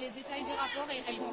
les détails du rapport et question.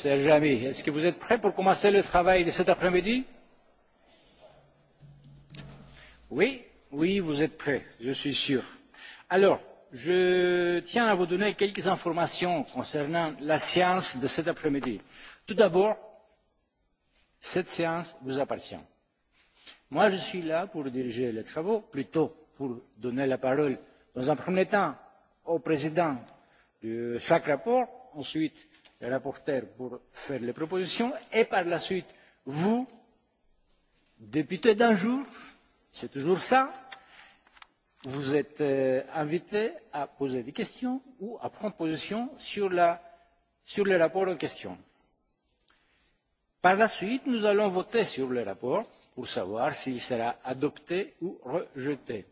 Serge jamais est-ce que vous êtes prêt pour commencer le travail de cet après-midi Oui, oui, vous êtes prêt, je suis sûr. Alors, je tiens à vous donner quelques informations concernant la séance de cet après-midi. Tout d'abord, cette séance vous appartient. Moi, je suis là pour diriger les travaux, plutôt pour donner la parole, dans un premier temps, au président de chaque rapport, ensuite le rapporteur pour faire les propositions et par la suite vous, députés d'un jour, c'est toujours ça, vous êtes invités à poser des questions ou à prendre position sur le rapport en question. Par la suite, nous allons voter sur le rapport pour savoir s'il sera adopté ou rejeté.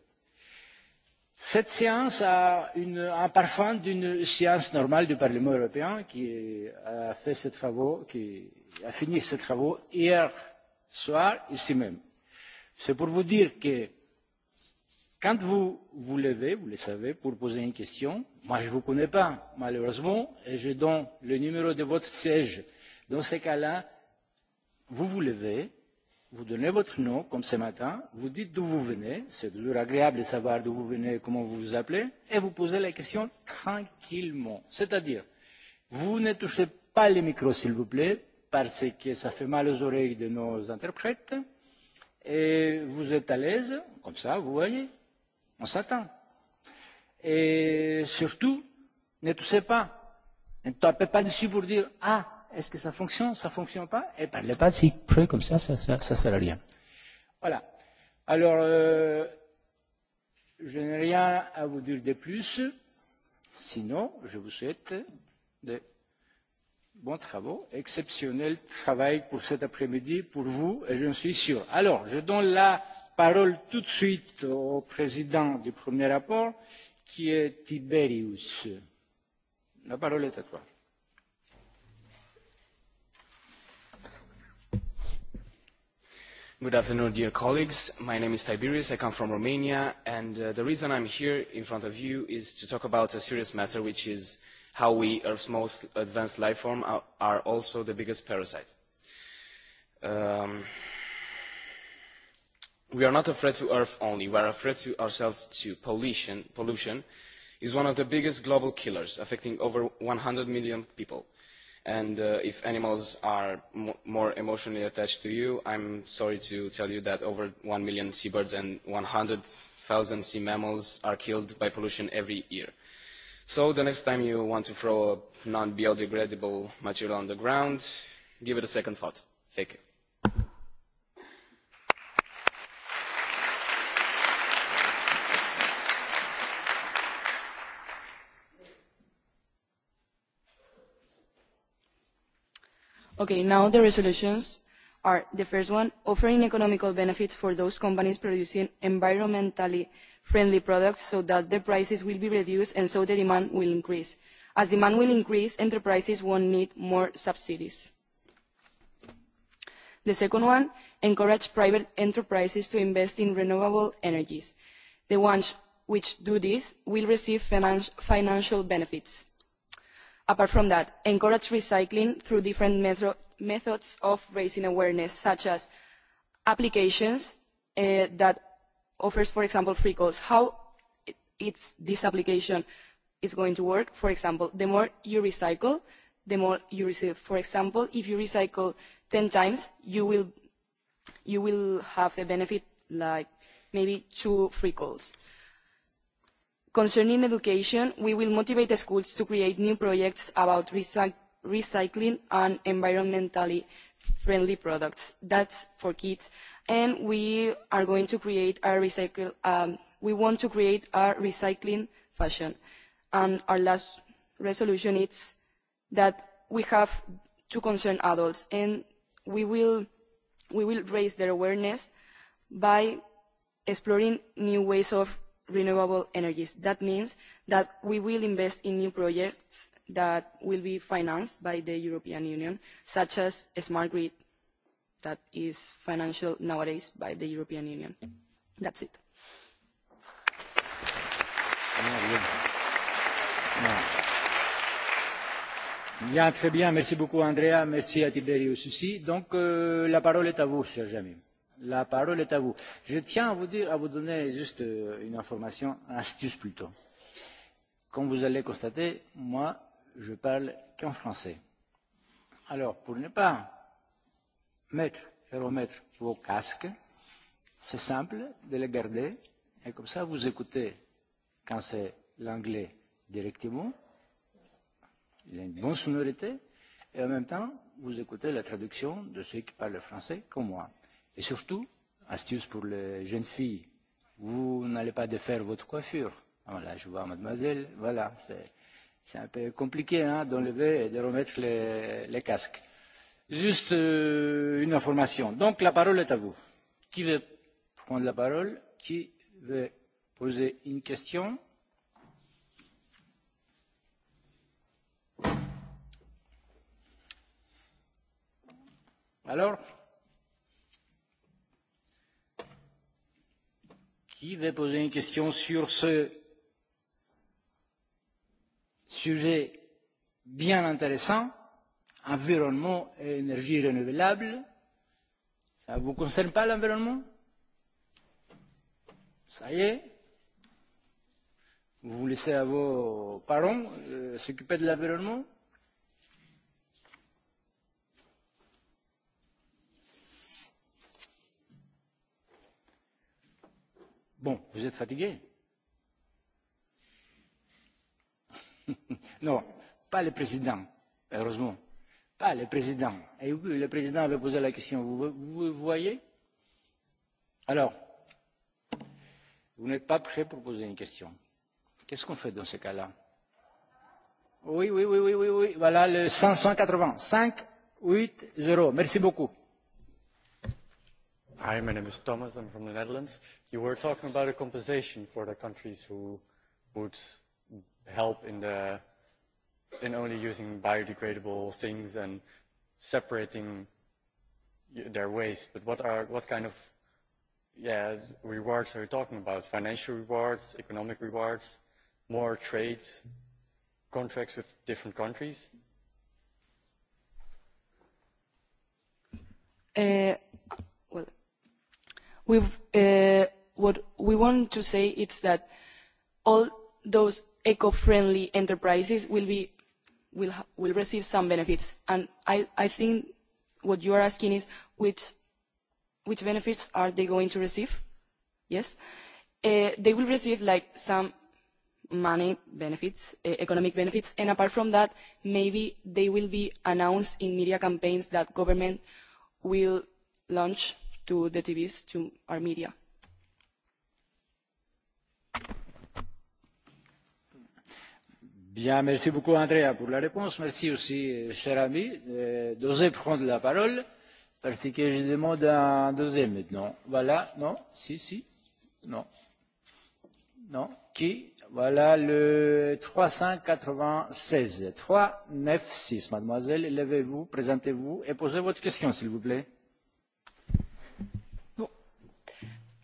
Cette séance a un parfum d'une séance normale du Parlement européen qui a fait ses travaux, qui a fini ses travaux hier soir ici même. C'est pour vous dire que quand vous vous levez, vous le savez, pour poser une question, moi je ne vous connais pas malheureusement et je donne le numéro de votre siège. Dans ces cas-là, vous vous levez vous donnez votre nom, comme ce matin, vous dites d'où vous venez, c'est toujours agréable de savoir d'où vous venez, comment vous vous appelez, et vous posez la question tranquillement. C'est-à-dire, vous ne touchez pas les micros, s'il vous plaît, parce que ça fait mal aux oreilles de nos interprètes, et vous êtes à l'aise, comme ça, vous voyez, on s'attend. Et surtout, ne touchez pas, ne tapez pas dessus pour dire « Ah, Est-ce que ça fonctionne Ça fonctionne pas Eh ben, le pas si près comme ça, ça, ça, ça sert à rien. Voilà. Alors, je n'ai rien à vous dire de plus. Sinon, je vous souhaite de bons travaux, exceptionnel travail pour cet après-midi, pour vous, et je suis sûr. Alors, je donne la parole tout de suite au président du premier rapport, qui est Tiberius. La parole est à toi. Good afternoon, dear colleagues. My name is Tiberius. I come from Romania, and the reason I'm here in front of you is to talk about a serious matter, which is how we, Earth's most advanced life form, are also the biggest parasite. We are not a threat to Earth only. We are a threat to ourselves too. Pollution is one of the biggest global killers, affecting over 100 million people and if animals are more emotionally attached to you, I'm sorry to tell you that over 1 million seabirds and 100,000 sea mammals are killed by pollution every year. So the next time you want to throw a non-biodegradable material on the ground, give it a second thought. Thank you. Okay, now the resolutions are the first one, offering economical benefits for those companies producing environmentally friendly products so that the prices will be reduced and so the demand will increase. As demand will increase, enterprises won't need more subsidies. The second one, encourage private enterprises to invest in renewable energies. The ones which do this will receive financial benefits. Apart from that, encourage recycling through different methods of raising awareness, such as applications that offers, for example, free calls. How it's this application is going to work? For example, the more you recycle, the more you receive. For example, if you recycle 10 times, you will you will have a benefit like maybe two free calls. Concerning education, we will motivate schools to create new projects about recycling and environmentally friendly products. That's for kids. And we are going to create a recycle. We want to create a recycling fashion. And our last resolution is that we have to concern adults, and we will we will raise their awareness by exploring new ways of renewable energies. That means that we will invest in new projects that will be financed by the European Union, such as smart grid that is financial nowadays by the European Union. That's it. Bien, très bien. Merci beaucoup, Andrea. Merci à Tiberius aussi. Donc, la parole est à vous, cher La parole est à vous. Je tiens à vous dire, à vous donner juste une information, une astuce plutôt. Comme vous allez constater, moi, je parle qu'en français. Alors, pour ne pas mettre et remettre vos casques, c'est simple de les garder, et comme ça, vous écoutez quand c'est l'anglais directement, il a une bonne sonorité, et en même temps, vous écoutez la traduction de ceux qui parlent français comme moi. Et surtout, astuce pour les jeunes filles, vous n'allez pas défaire votre coiffure. Voilà, je vois mademoiselle, voilà, c'est, un peu compliqué hein, d'enlever et de remettre les, les casques. Juste une information. Donc la parole est à vous. Qui veut prendre la parole Qui veut poser une question Alors Qui veut poser une question sur ce sujet bien intéressant, environnement et énergie renouvelable Ça ne vous concerne pas l'environnement Ça y est Vous laissez à vos parents s'occuper de l'environnement Bon, vous êtes fatigué Non, pas le président, heureusement. Pas le président. Et oui, le président avait posé la question. Vous, vous voyez Alors, vous n'êtes pas prêt pour poser une question. Qu'est-ce qu'on fait dans ce cas-là Oui, oui, oui, oui, oui, oui. Voilà le 580. 5, 8, 0. Merci beaucoup. Hi, my name is Thomas. I'm from the Netherlands. You were talking about a compensation for the countries who would help in the in only using biodegradable things and separating their waste. But what are what kind of yeah rewards are you talking about? Financial rewards, economic rewards, more trade contracts with different countries? Uh, What we want to say is that all those eco-friendly enterprises will receive some benefits, and I think what you are asking is which which benefits are they going to receive? Yes, they will receive like some money benefits, economic benefits, and apart from that, maybe they will be announced in media campaigns that government will launch to the TVs, to our media. Bien, merci beaucoup Andrea pour la réponse. Merci aussi, cher ami, d'oser prendre la parole, parce que je demande un deuxième maintenant. Voilà, non, si, si, non, non, qui Voilà le 396, 396, mademoiselle, levez-vous, présentez-vous et posez votre question, s'il vous plaît.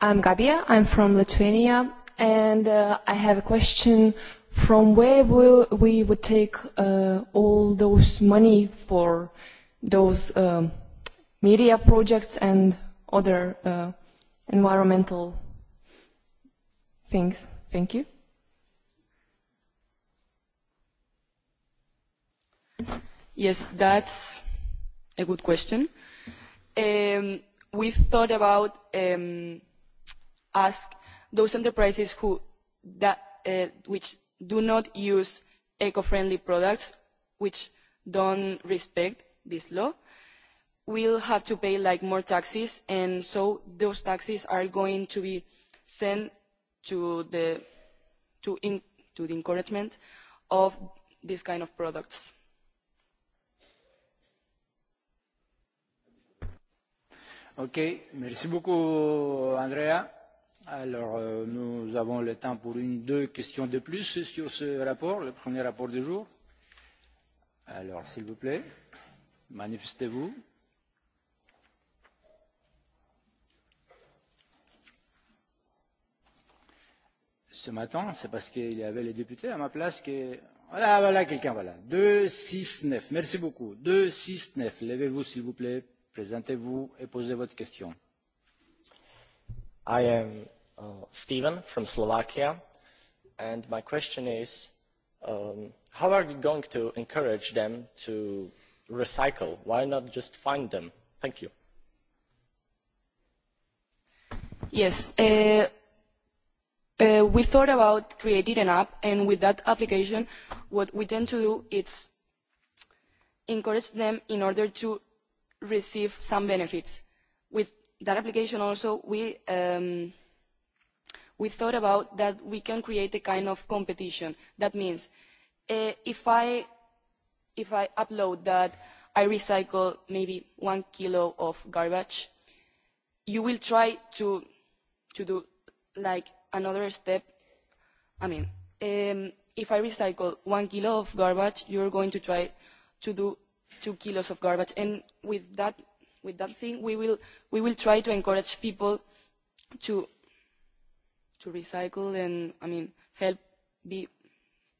I'm Gabia, I'm from Lithuania, and I have a question from where will we would take all those money for those media projects and other environmental things. Thank you. Yes, that's a good question. We thought about ask those enterprises which do not use eco-friendly products, which don't respect this law, will have to pay like more taxes, and so those taxes are going to be sent to the to the encouragement of these kind of products. Okay, merci beaucoup, Andrea. Alors, nous avons le temps pour une, deux questions de plus sur ce rapport, le premier rapport du jour. Alors, s'il vous plaît, manifestez-vous. Ce matin, c'est parce qu'il y avait les députés à ma place que... Voilà, voilà, quelqu'un, voilà. 2, 6, 9. Merci beaucoup. 2, 6, 9. Levez-vous, s'il vous plaît, présentez-vous et posez votre question. I am Steven from Slovakia, and my question is, how are you going to encourage them to recycle? Why not just find them? Thank you. Yes, we thought about creating an app, and with that application, what we tend to do is encourage them in order to receive some benefits. With that application also, we we thought about that we can create a kind of competition. That means if I upload that I recycle maybe one kilo of garbage, you will try to to do like another step. I mean, if I recycle one kilo of garbage, you're going to try to do two kilos of garbage, and with that with that thing, we will we will try to encourage people to to recycle and I mean help be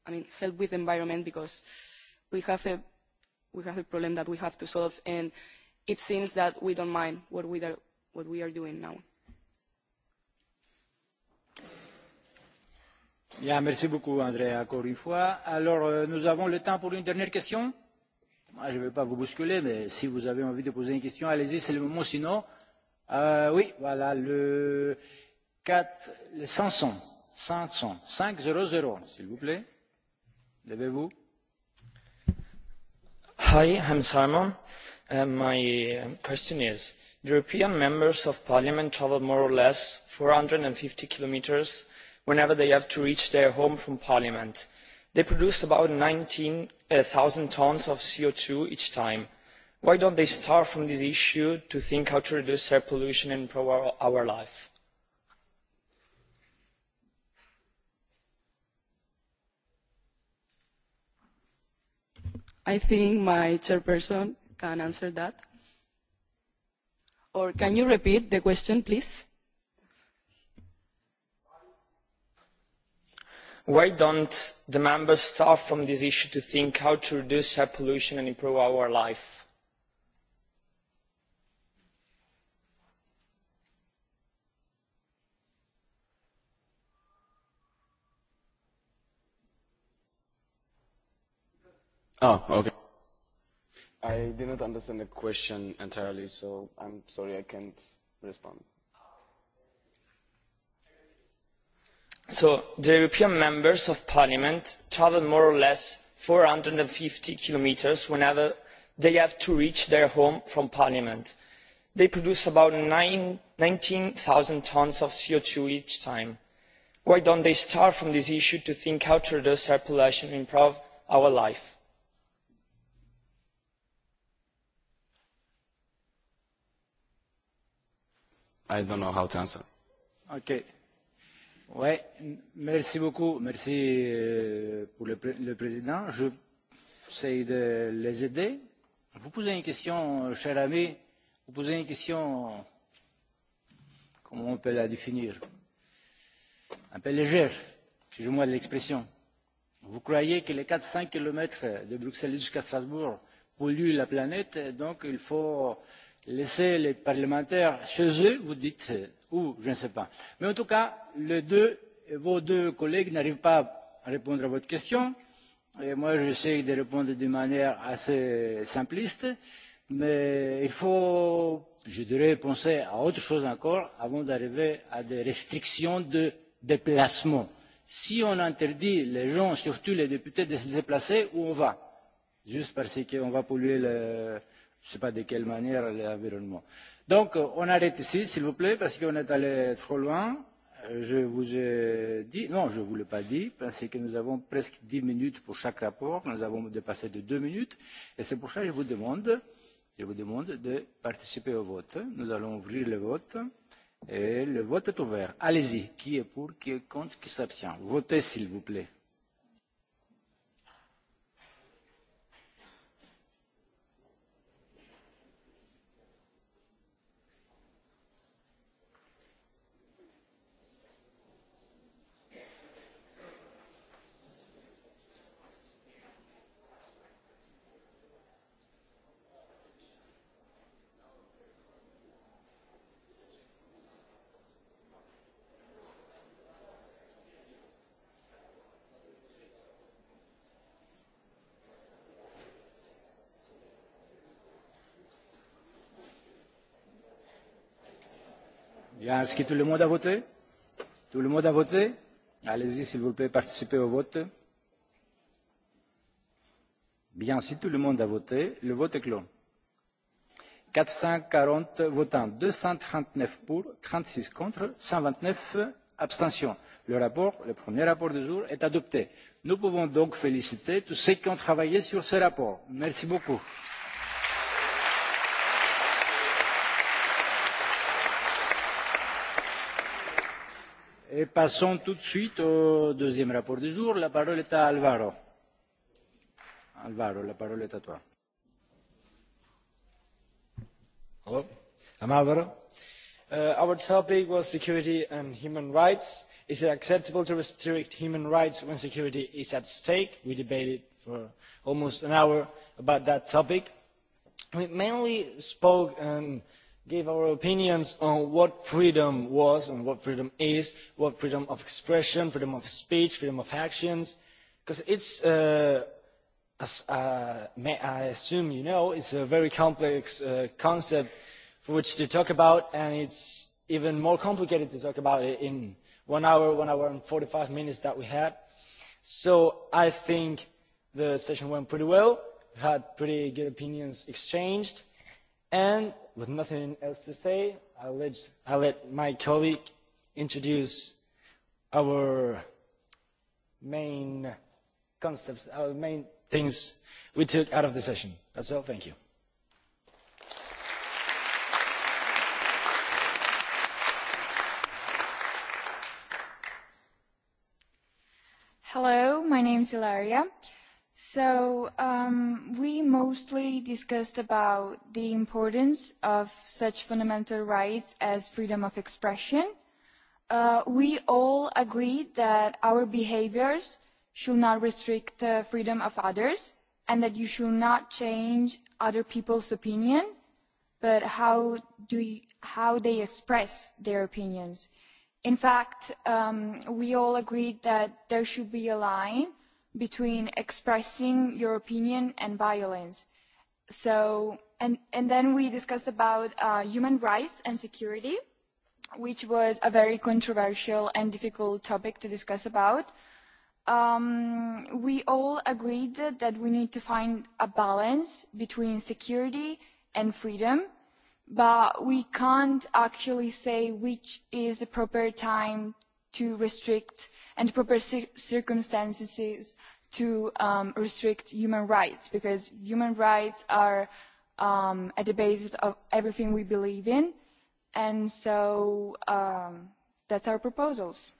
I mean help with the environment because we have a we have a problem that we have to solve and it seems that we don't mind what we are what we are doing now. Bien, merci beaucoup Andrea encore une fois. Alors nous avons le temps pour une dernière question. Moi, je ne vais pas vous bousculer, mais si vous avez envie de poser une question, allez-y, c'est le moment. Sinon, euh, oui, voilà, le 500, 500, 500, s'il vous plaît. Levez-vous. Hi, I'm Simon. My question is, European members of parliament travel more or less 450 kilometers whenever they have to reach their home from parliament. They produce about 19,000 tons of CO2 each time. Why don't they start from this issue to think how to reduce air pollution and improve our life? I think my chairperson can answer that. Or can you repeat the question, please? Why don't the members start from this issue to think how to reduce air pollution and improve our life? Oh, okay. I did not understand the question entirely, so I'm sorry I can't respond. So the European members of Parliament travel more or less 450 kilometers whenever they have to reach their home from Parliament. They produce about 19,000 tons of CO2 each time. Why don't they start from this issue to think how to reduce air pollution and improve our life? I don't know how to answer. Okay. Ouais, merci beaucoup. Merci pour le président. Je essaye de les aider. Vous posez une question, cher ami. Vous posez une question, comment on peut la définir Un peu legere si je vois l'expression. Vous croyez que les 4-5 kilomètres de Bruxelles jusqu'à Strasbourg polluent la planète, donc il faut laissez les parlementaires chez eux, vous dites, ou je ne sais pas. Mais en tout cas, vos deux collègues n'arrivent pas à répondre à votre question. Et moi, j'essaie de répondre d'une manière assez simpliste. Mais il faut, je dirais, penser à autre chose encore avant d'arriver à des restrictions de déplacement. Si on interdit les gens, surtout les députés, de se déplacer, où on va Juste parce qu'on va polluer le je ne sais pas de quelle manière l'environnement. Donc, on arrête ici, s'il vous plaît, parce qu'on est allé trop loin. Je vous ai dit, non, je ne vous l'ai pas dit, parce que nous avons presque 10 minutes pour chaque rapport. Nous avons dépassé de 2 minutes. Et c'est pour ça que je vous demande, je vous demande de participer au vote. Nous allons ouvrir le vote. Et le vote est ouvert. Allez-y. Qui est pour, qui est contre, qui s'abstient. Votez, s'il vous plaît. Bien, est-ce que tout le monde a voté Tout le monde a voté Allez-y, s'il vous plaît, participez au vote. Bien, si tout le monde a voté, le vote est clos. 440 votants, 239 pour, 36 contre, 129 abstentions. Le rapport, le premier rapport du jour, est adopté. Nous pouvons donc féliciter tous ceux qui ont travaillé sur ce rapport. Merci beaucoup. Et passons tout de suite au deuxième rapport du jour. La parole est à Alvaro. Alvaro, la parole est à toi. Hello, Alvaro. our topic was security and human rights. Is it acceptable to restrict human rights when security is at stake? We debated for almost an hour about that topic. We mainly spoke and um, gave our opinions on what freedom was and what freedom is, what freedom of expression, freedom of speech, freedom of actions, because it's, as I assume you know, it's a very complex concept for which to talk about, and it's even more complicated to talk about it in one hour, one hour and 45 minutes that we had. So I think the session went pretty well. We had pretty good opinions exchanged And with nothing else to say, I'll let, I'll let my colleague introduce our main concepts, our main things we took out of the session. That's Thank you. Hello, my name is Ilaria So um we mostly discussed about the importance of such fundamental rights as freedom of expression. We all agreed that our behaviors should not restrict the freedom of others and that you should not change other people's opinion, but how do how they express their opinions. In fact, um we all agreed that there should be a line between expressing your opinion and violence. So, and, and then we discussed about human rights and security, which was a very controversial and difficult topic to discuss about. Um, we all agreed that we need to find a balance between security and freedom, but we can't actually say which is the proper time to restrict and proper circumstances to restrict human rights because human rights are at the basis of everything we believe in and so um, that's our proposals.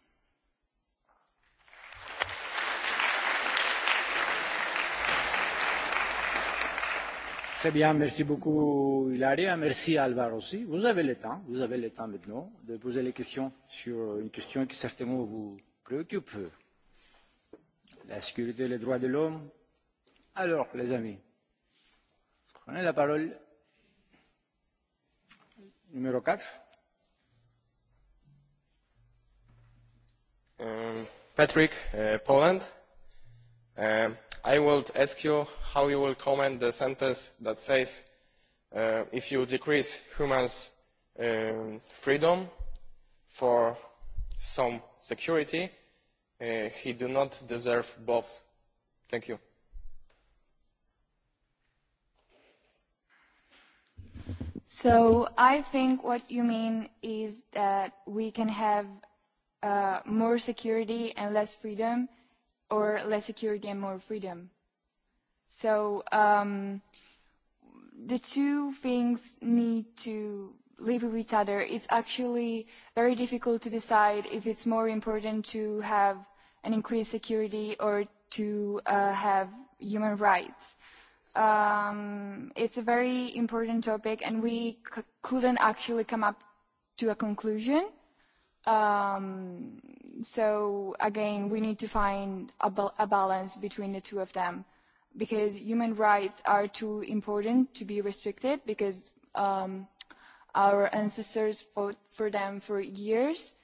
Très bien, merci beaucoup Hilaria, merci Alvar aussi. Vous avez le temps, vous avez le temps maintenant de poser les questions sur une question qui certainement vous préoccupe la sécurité et les droits de l'homme. Alors, les amis, prenez la parole. Numéro 4. Um, Patrick, uh, Poland. I will ask you how you will comment the sentence that says uh, if you decrease humans' freedom for some security, he do not deserve both. Thank you. So I think what you mean is that we can have more security and less freedom, or less security and more freedom. So the two things need to live with each other, it's actually very difficult to decide if it's more important to have an increased security or to have human rights. It's a very important topic, and we couldn't actually come up to a conclusion. So, again, we need to find a balance between the two of them, because human rights are too important to be restricted, because Our ancestors fought for them for years,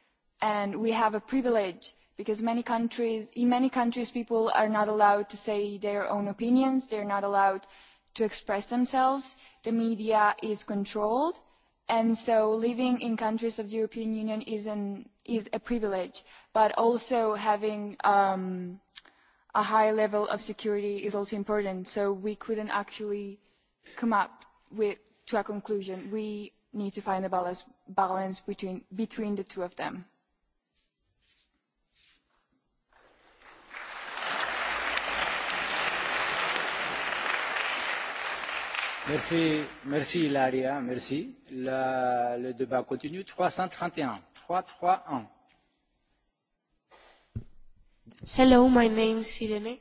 and we have a privilege because many countries, in many countries, people are not allowed to say their own opinions. They're not allowed to express themselves. The media is controlled, and so living in countries of the European Union is an is a privilege. But also having a high level of security is also important. So we couldn't actually come up with to a conclusion. We need to find a balance between between the two of them. Merci, merci Ilaria, merci. La, le débat continue. 331, 331. Hello, my name is Irene.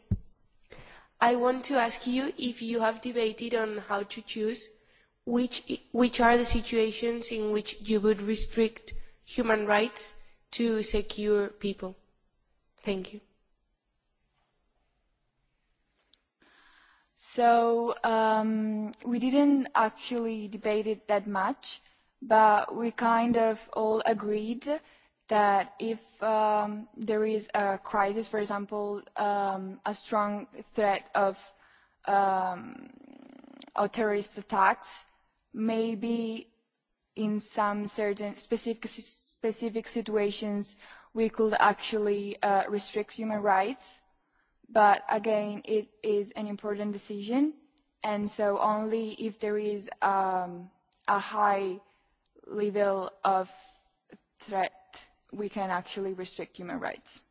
I want to ask you if you have debated on how to choose which are the situations in which you would restrict human rights to secure people? Thank you. So um, we didn't actually debate it that much, but we kind of all agreed that if there is a crisis, for example, a strong threat of um, terrorist attacks, maybe in some certain specific specific situations we could actually restrict human rights but again it is an important decision and so only if there is a high level of threat we can actually restrict human rights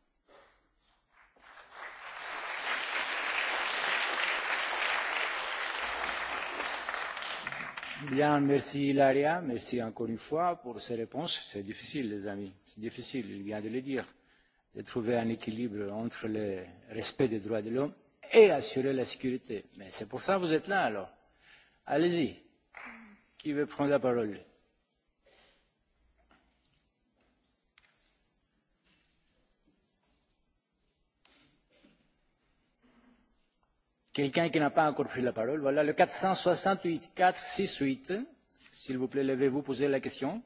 Bien, merci Ilaria, merci encore une fois pour ces réponses. C'est difficile, les amis, c'est difficile, il vient de le dire, de trouver un équilibre entre le respect des droits de l'homme et assurer la sécurité. Mais c'est pour ça que vous êtes là, alors. Allez-y. Qui veut prendre la parole Quelqu'un qui n'a pas encore pris la parole. Voilà, le 468, 468. S'il vous plaît, levez-vous, posez la question.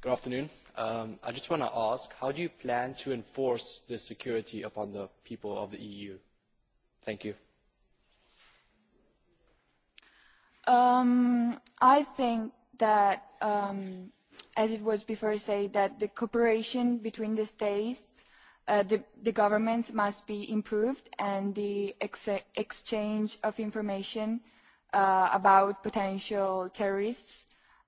Good afternoon. Um, I just want to ask, how do you plan to enforce this security upon the people of the EU? Thank you. Um, I think that, um, as it was before said, that the cooperation between the states the governments must be improved and the exchange of information about potential terrorists.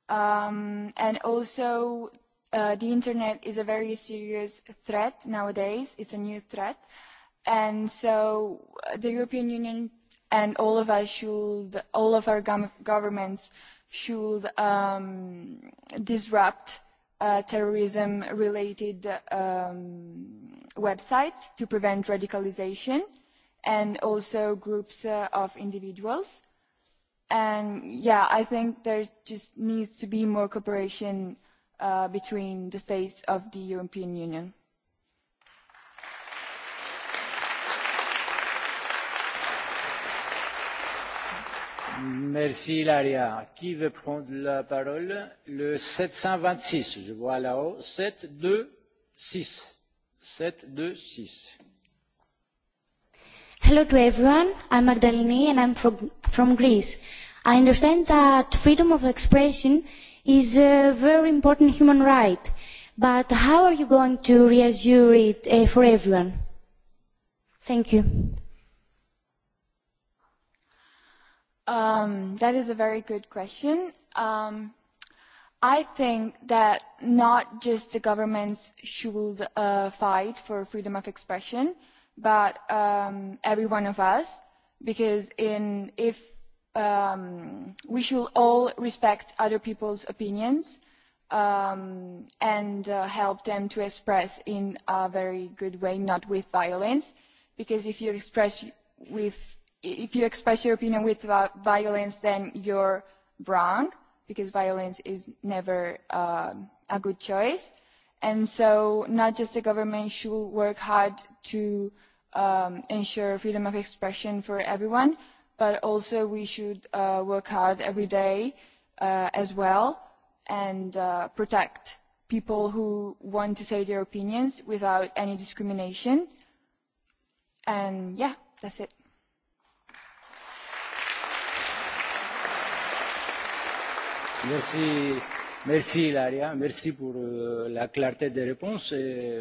And also the Internet is a very serious threat nowadays. It's a new threat. And so the European Union and all of us should, all of our governments should disrupt terrorism-related websites to prevent radicalization and also groups of individuals. And yeah, I think there just needs to be more cooperation between the states of the European Union. Merci Laria. Qui veut prendre la parole Le 726, je vois là-haut. 726. 726. Hello to everyone. I'm Magdalene and I'm from, from Greece. I understand that freedom of expression is a very important human right. But how are you going to reassure it for everyone? Thank you. Um, that is a very good question. Um, I think that not just the governments should uh, fight for freedom of expression, but um, every one of us, because in if um, we should all respect other people's opinions um, and uh, help them to express in a very good way, not with violence, because if you express with if you express your opinion with violence, then you're wrong because violence is never a good choice. And so not just the government should work hard to ensure freedom of expression for everyone, but also we should work hard every day as well and protect people who want to say their opinions without any discrimination. And yeah, that's it. Merci, merci Laria, merci pour la clarté des réponses et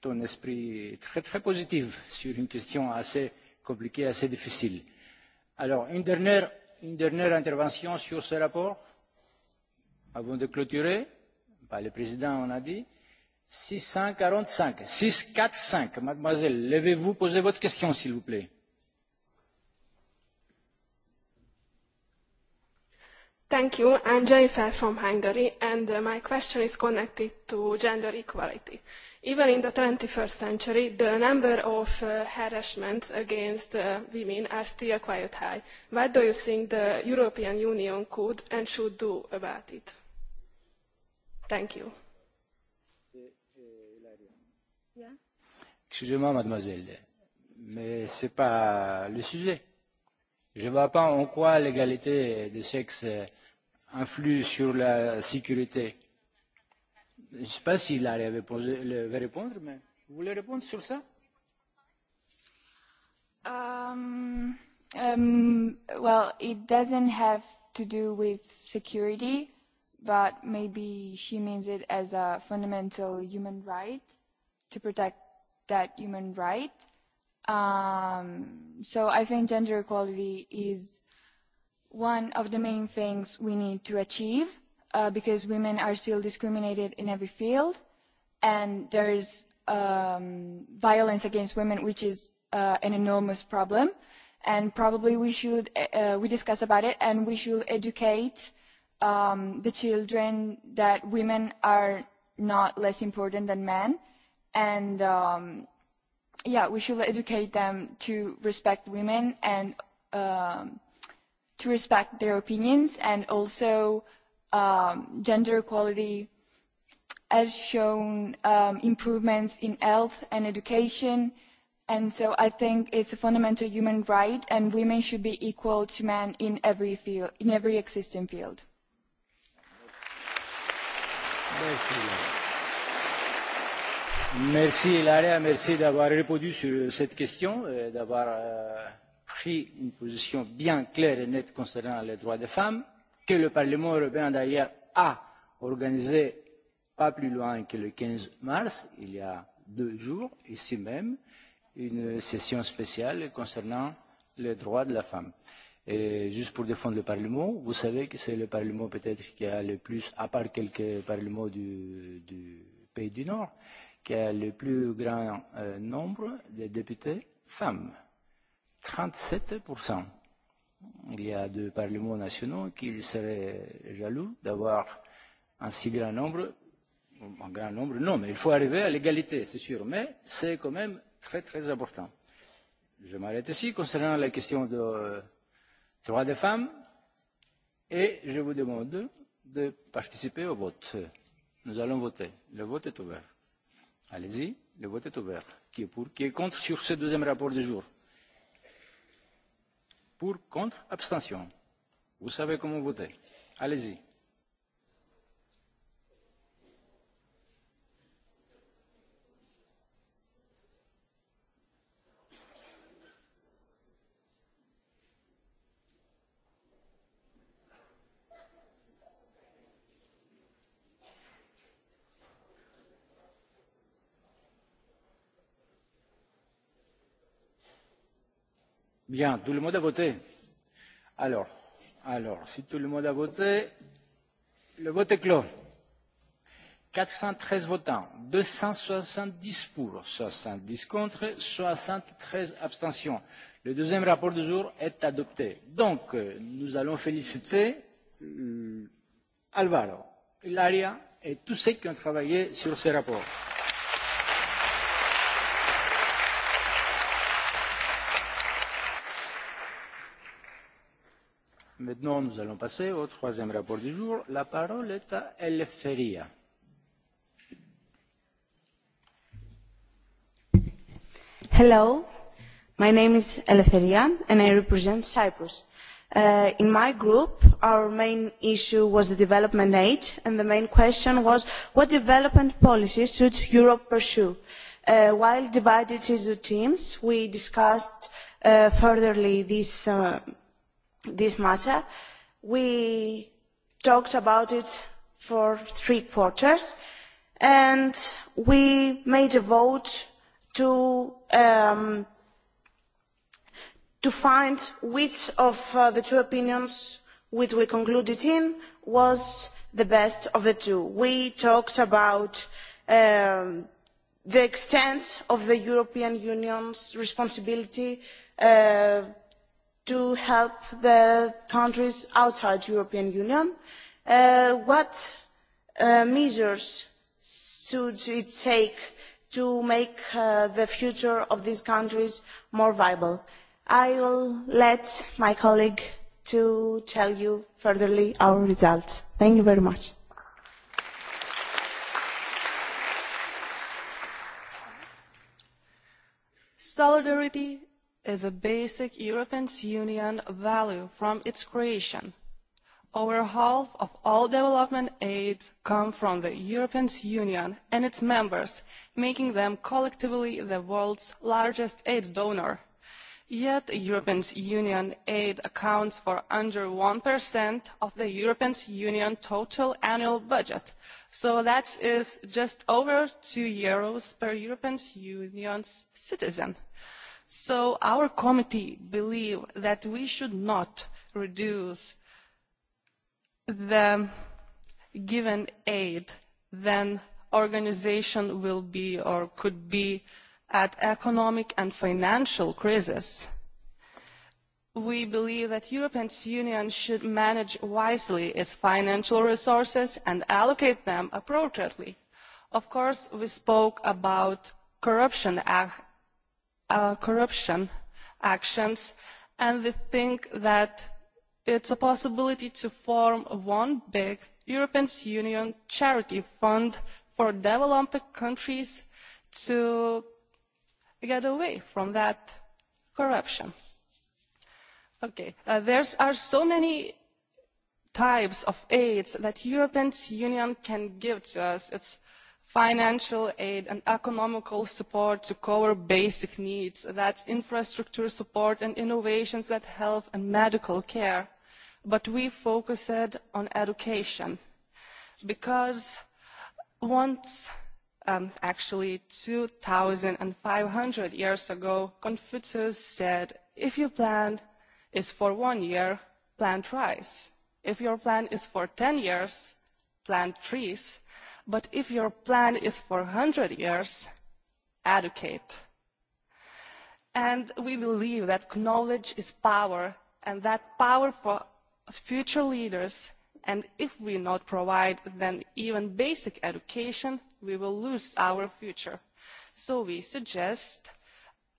ton esprit très très positif sur une question assez compliquée, assez difficile. Alors, une dernière, une dernière intervention sur ce rapport, avant de clôturer, pas le président on a dit, 645, 645, mademoiselle, levez-vous, posez votre question s'il vous plaît. Thank you. I'm Jennifer from Hungary, and my question is connected to gender equality. Even in the 21st century, the number of harassment against women are still quite high. What do you think the European Union could and should do about it? Thank you. Excusez-moi, mademoiselle, mais ce n'est pas le sujet. Je ne vois pas en quoi l'égalité des sexes influe sur la sécurité Je ne sais pas si Larry avait posé, veut répondre, mais vous voulez répondre sur ça um, um, Well, it doesn't have to do with security, but maybe she means it as a fundamental human right to protect that human right. Um, so I think gender equality is one of the main things we need to achieve because women are still discriminated in every field and there is violence against women which is an enormous problem and probably we should we discuss about it and we should educate the children that women are not less important than men and yeah we should educate them to respect women and to respect their opinions and also gender equality has shown improvements in health and education and so I think it's a fundamental human right and women should be equal to men in every field, in every existing field. Merci Laria. merci d'avoir répondu sur cette question, d'avoir pris une position bien claire et nette concernant les droits des femmes, que le Parlement européen d'ailleurs a organisé pas plus loin que le 15 mars, il y a deux jours, ici même, une session spéciale concernant les droits de la femme. Et juste pour défendre le Parlement, vous savez que c'est le Parlement peut-être qui a le plus, à part quelques parlements du, du pays du Nord, qui a le plus grand nombre de députés femmes 37%. Il y a deux parlements nationaux qui seraient jaloux d'avoir un si grand nombre, un grand nombre, non, mais il faut arriver à l'égalité, c'est sûr, mais c'est quand même très très important. Je m'arrête ici concernant la question de droits des femmes et je vous demande de participer au vote. Nous allons voter. Le vote est ouvert. Allez-y, le vote est ouvert. Qui est pour, qui est contre sur ce deuxième rapport du jour Pour, contre, abstention. Vous savez comment voter. Allez-y. Bien, tout le monde a voté. Alors, alors, si tout le monde a voté, le vote est clos. 413 votants, 270 pour, 70 contre, 73 abstentions. Le deuxième rapport du jour est adopté. Donc, nous allons féliciter Alvaro, Ilaria et tous ceux qui ont travaillé sur ce rapport. Maintenant, nous allons passer au troisième rapport du jour. La parole est à Hello, my name is Eleftheria and I represent Cyprus. In my group, our main issue was the development aid and the main question was what development policies should Europe pursue. While divided into teams, we discussed furtherly this this matter. We talked about it for three quarters and we made a vote to to find which of the two opinions which we concluded in was the best of the two. We talked about the extent of the European Union's responsibility to help the countries outside the European Union. What measures should it take to make the future of these countries more viable? I will let my colleague to tell you furtherly our results. Thank you very much. Solidarity is a basic European Union value from its creation. Over half of all development aid come from the European Union and its members, making them collectively the world's largest aid donor. Yet European Union aid accounts for under 1% of the European Union total annual budget, so that is just over 2 euros per European Union's citizen. So our committee believes that we should not reduce the given aid, then organization will be or could be at economic and financial crisis. We believe that the European Union should manage wisely its financial resources and allocate them appropriately. Of course, we spoke about corruption corruption actions, and they think that it's a possibility to form one big European Union charity fund for developing countries to get away from that corruption. Okay, there are so many types of aids that European Union can give to us. It's financial aid and economical support to cover basic needs, that's infrastructure support and innovations that health and medical care. But we focused on education because once, actually 2,500 years ago, Confucius said, if your plan is for one year, plant rice. If your plan is for 10 years, plant trees But if your plan is for 100 years, educate. And we believe that knowledge is power, and that power for future leaders. And if we not provide then even basic education, we will lose our future. So we suggest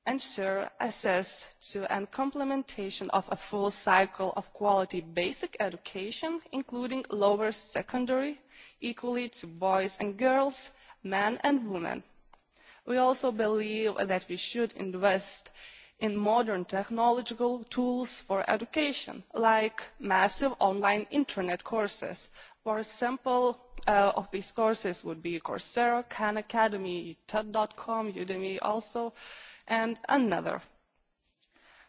ensure access to and complementation of a full cycle of quality basic education, including lower secondary equally to boys and girls, men and women. We also believe that we should invest in modern technological tools for education, like massive online internet courses. For example, of these courses would be Coursera, Khan Academy, TED.com, Udemy also, and another.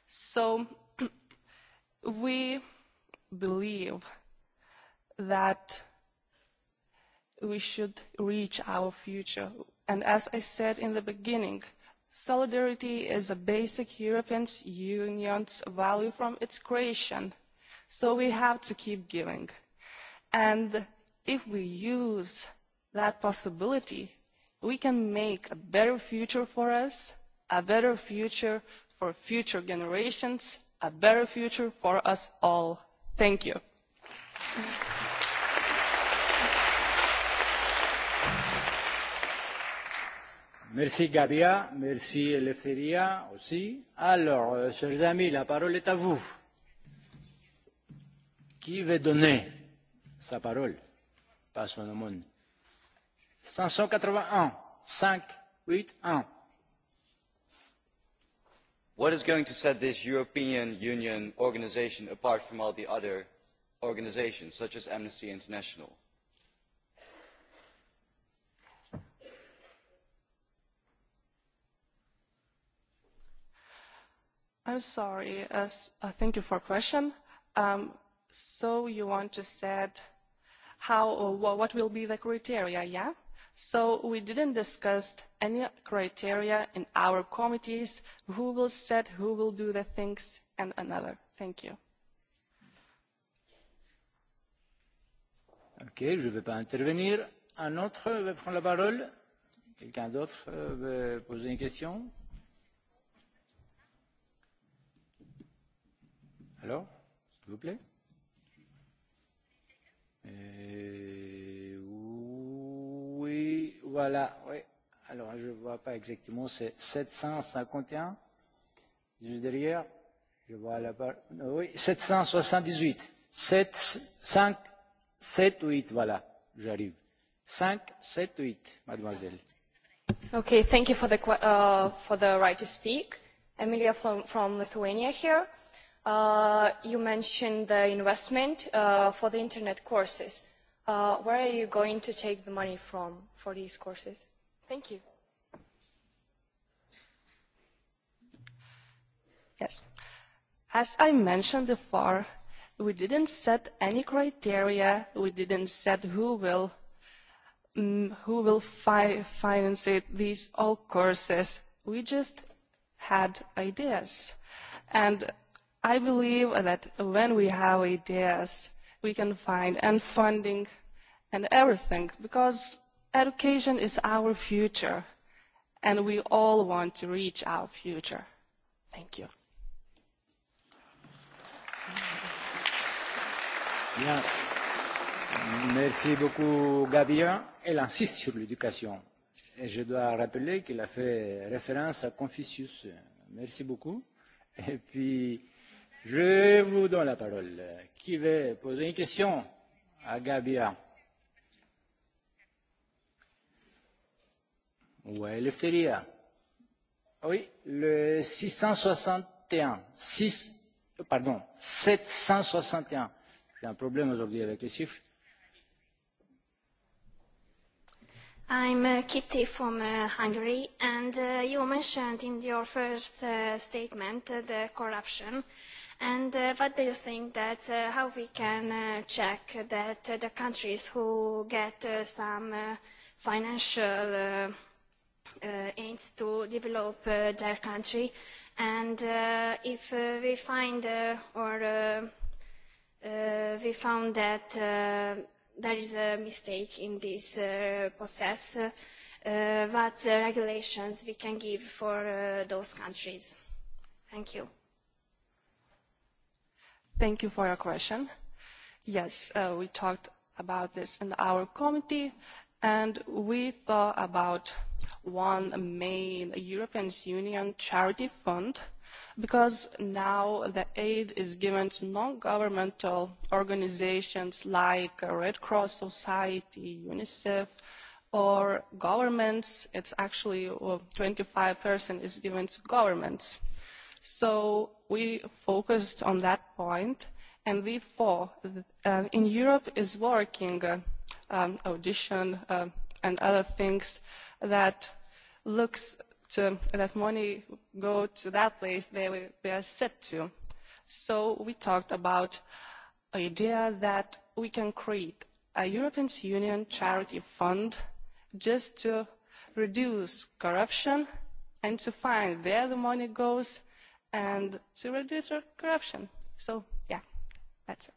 So we believe that we should reach our future. And as I said in the beginning, solidarity is a basic European Union's value from its creation. So we have to keep giving. And if we use that possibility, we can make a better future for us, a better future for future generations, a better future for us all. Thank you. Merci Gabia, merci Eleftheria aussi. Alors, chers amis, la parole est à vous. Qui veut donner sa parole Pas son nom. 581, 5, 8, 1. What is going to set this European Union organization apart from all the other organizations, such as Amnesty International? I'm sorry. Thank you for question. Um, So you want to said how or what will be the criteria, yeah? So we didn't discuss any criteria in our committees, who will set, who will do the things, and another. Thank you. Okay. je ne vais pas intervenir. Un autre veut prendre la parole Quelqu'un d'autre veut poser une question Alors, s'il vous plaît. Euh, Oui, voilà. Oui. Alors, je ne vois pas exactement. C'est 751. Juste derrière. Je vois la barre. Oui, 778. 7, 5, 7, 8. Voilà. J'arrive. 5, 7, 8, mademoiselle. Okay, thank you for the, uh, for the right to speak. Emilia from, from Lithuania here. You mentioned the investment for the internet courses. Where are you going to take the money from for these courses? Thank you. Yes. As I mentioned before, we didn't set any criteria. We didn't set who will who will finance these all courses. We just had ideas. And I believe that when we have ideas, we can find and funding and everything, because education is our future, and we all want to reach our future. Thank you. Bien. Merci beaucoup, Gabia. Elle insiste sur l'éducation. Et je dois rappeler qu'il a fait référence à Confucius. Merci beaucoup. Et puis, Je vous donne la parole. Qui veut poser une question à Gabia Ouais, Lefteria. Oui, le 661. 6, pardon, 761. J'ai un problème aujourd'hui avec les chiffres. I'm Kitty from Hungary, and you mentioned in your first statement the corruption. And what do you think that how we can check that the countries who get some financial aid to develop their country and if we find or we found that there is a mistake in this process, what regulations we can give for those countries? Thank you. Thank you for your question. Yes, we talked about this in our committee, and we thought about one main European Union charity fund, because now the aid is given to non-governmental organizations like Red Cross Society, UNICEF, or governments. It's actually 25% is given to governments So we focused on that point, and therefore, in Europe is working audition and other things that looks to that money go to that place they are set to. So we talked about idea that we can create a European Union charity fund just to reduce corruption and to find where the money goes and to reduce corruption. So, yeah, that's it.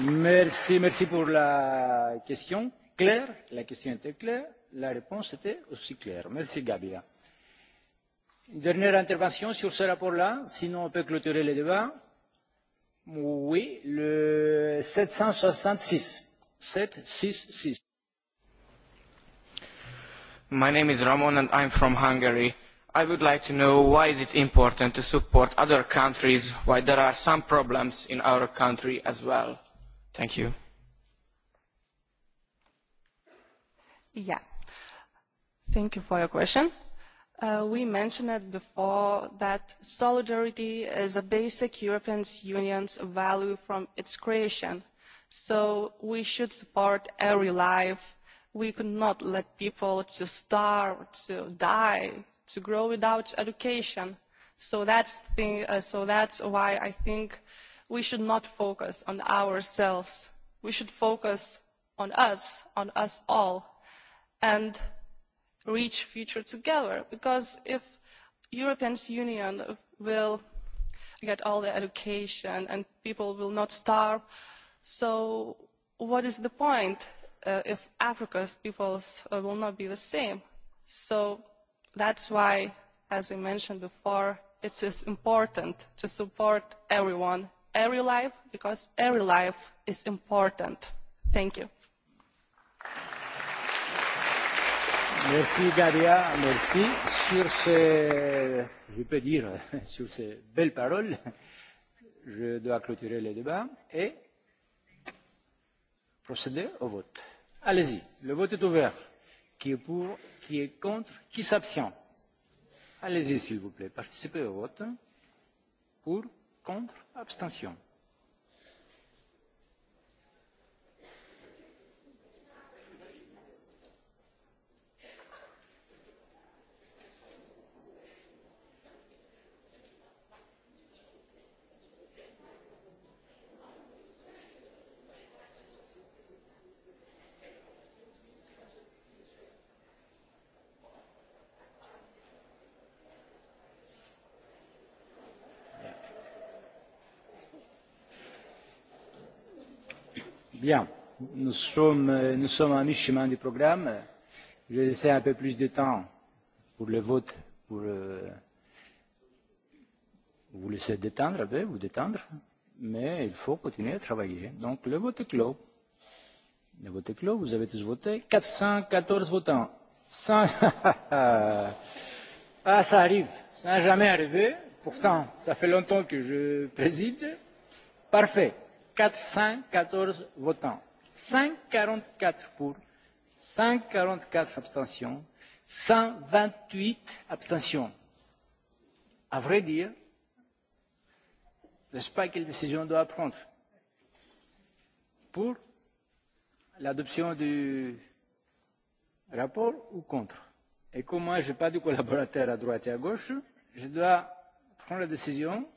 Merci, merci pour la question. Claire, la question était claire, la réponse était aussi claire. Merci, Gabia. Une dernière intervention sur ce rapport-là, sinon on peut clôturer le débat. Oui, le 766. 766. My name is Ramon and I'm from Hungary. I would like to know why is it important to support other countries, why there are some problems in our country as well. Thank you. Yeah. Thank you for your question. We mentioned it before that solidarity is a basic European Union's value from its creation. So we should support every life we could not let people to starve, to die, to grow without education. So that's, so that's why I think we should not focus on ourselves. We should focus on us, on us all, and reach future together. Because if European Union will get all the education and people will not starve, so what is the point? if Africa's peoples will not be the same. So that's why, as I mentioned before, it is important to support everyone, every life, because every life is important. Thank you. Merci merci. Sur ces, je peux dire, sur ces belles paroles, je dois clôturer le débat et procéder au vote. Allez-y, le vote est ouvert. Qui est pour, qui est contre, qui s'abstient Allez-y, s'il vous plaît, participez au vote. Pour, contre, abstention. Bien, nous sommes, nous sommes à mi-chemin du programme. Je vais laisser un peu plus de temps pour le vote, pour vous laissez détendre un peu, vous détendre, mais il faut continuer à travailler. Donc le vote est clos. Le vote est clos, vous avez tous voté. 414 votants. 100... ah, ça arrive, ça n'a jamais arrivé. Pourtant, ça fait longtemps que je préside. Parfait. 414 votants, 544 pour, 144 abstentions, 128 abstentions. À vrai dire, je ne pas quelle décision on doit prendre pour l'adoption du rapport ou contre. Et comme moi, je n'ai pas de collaborateurs à droite et à gauche, je dois prendre la décision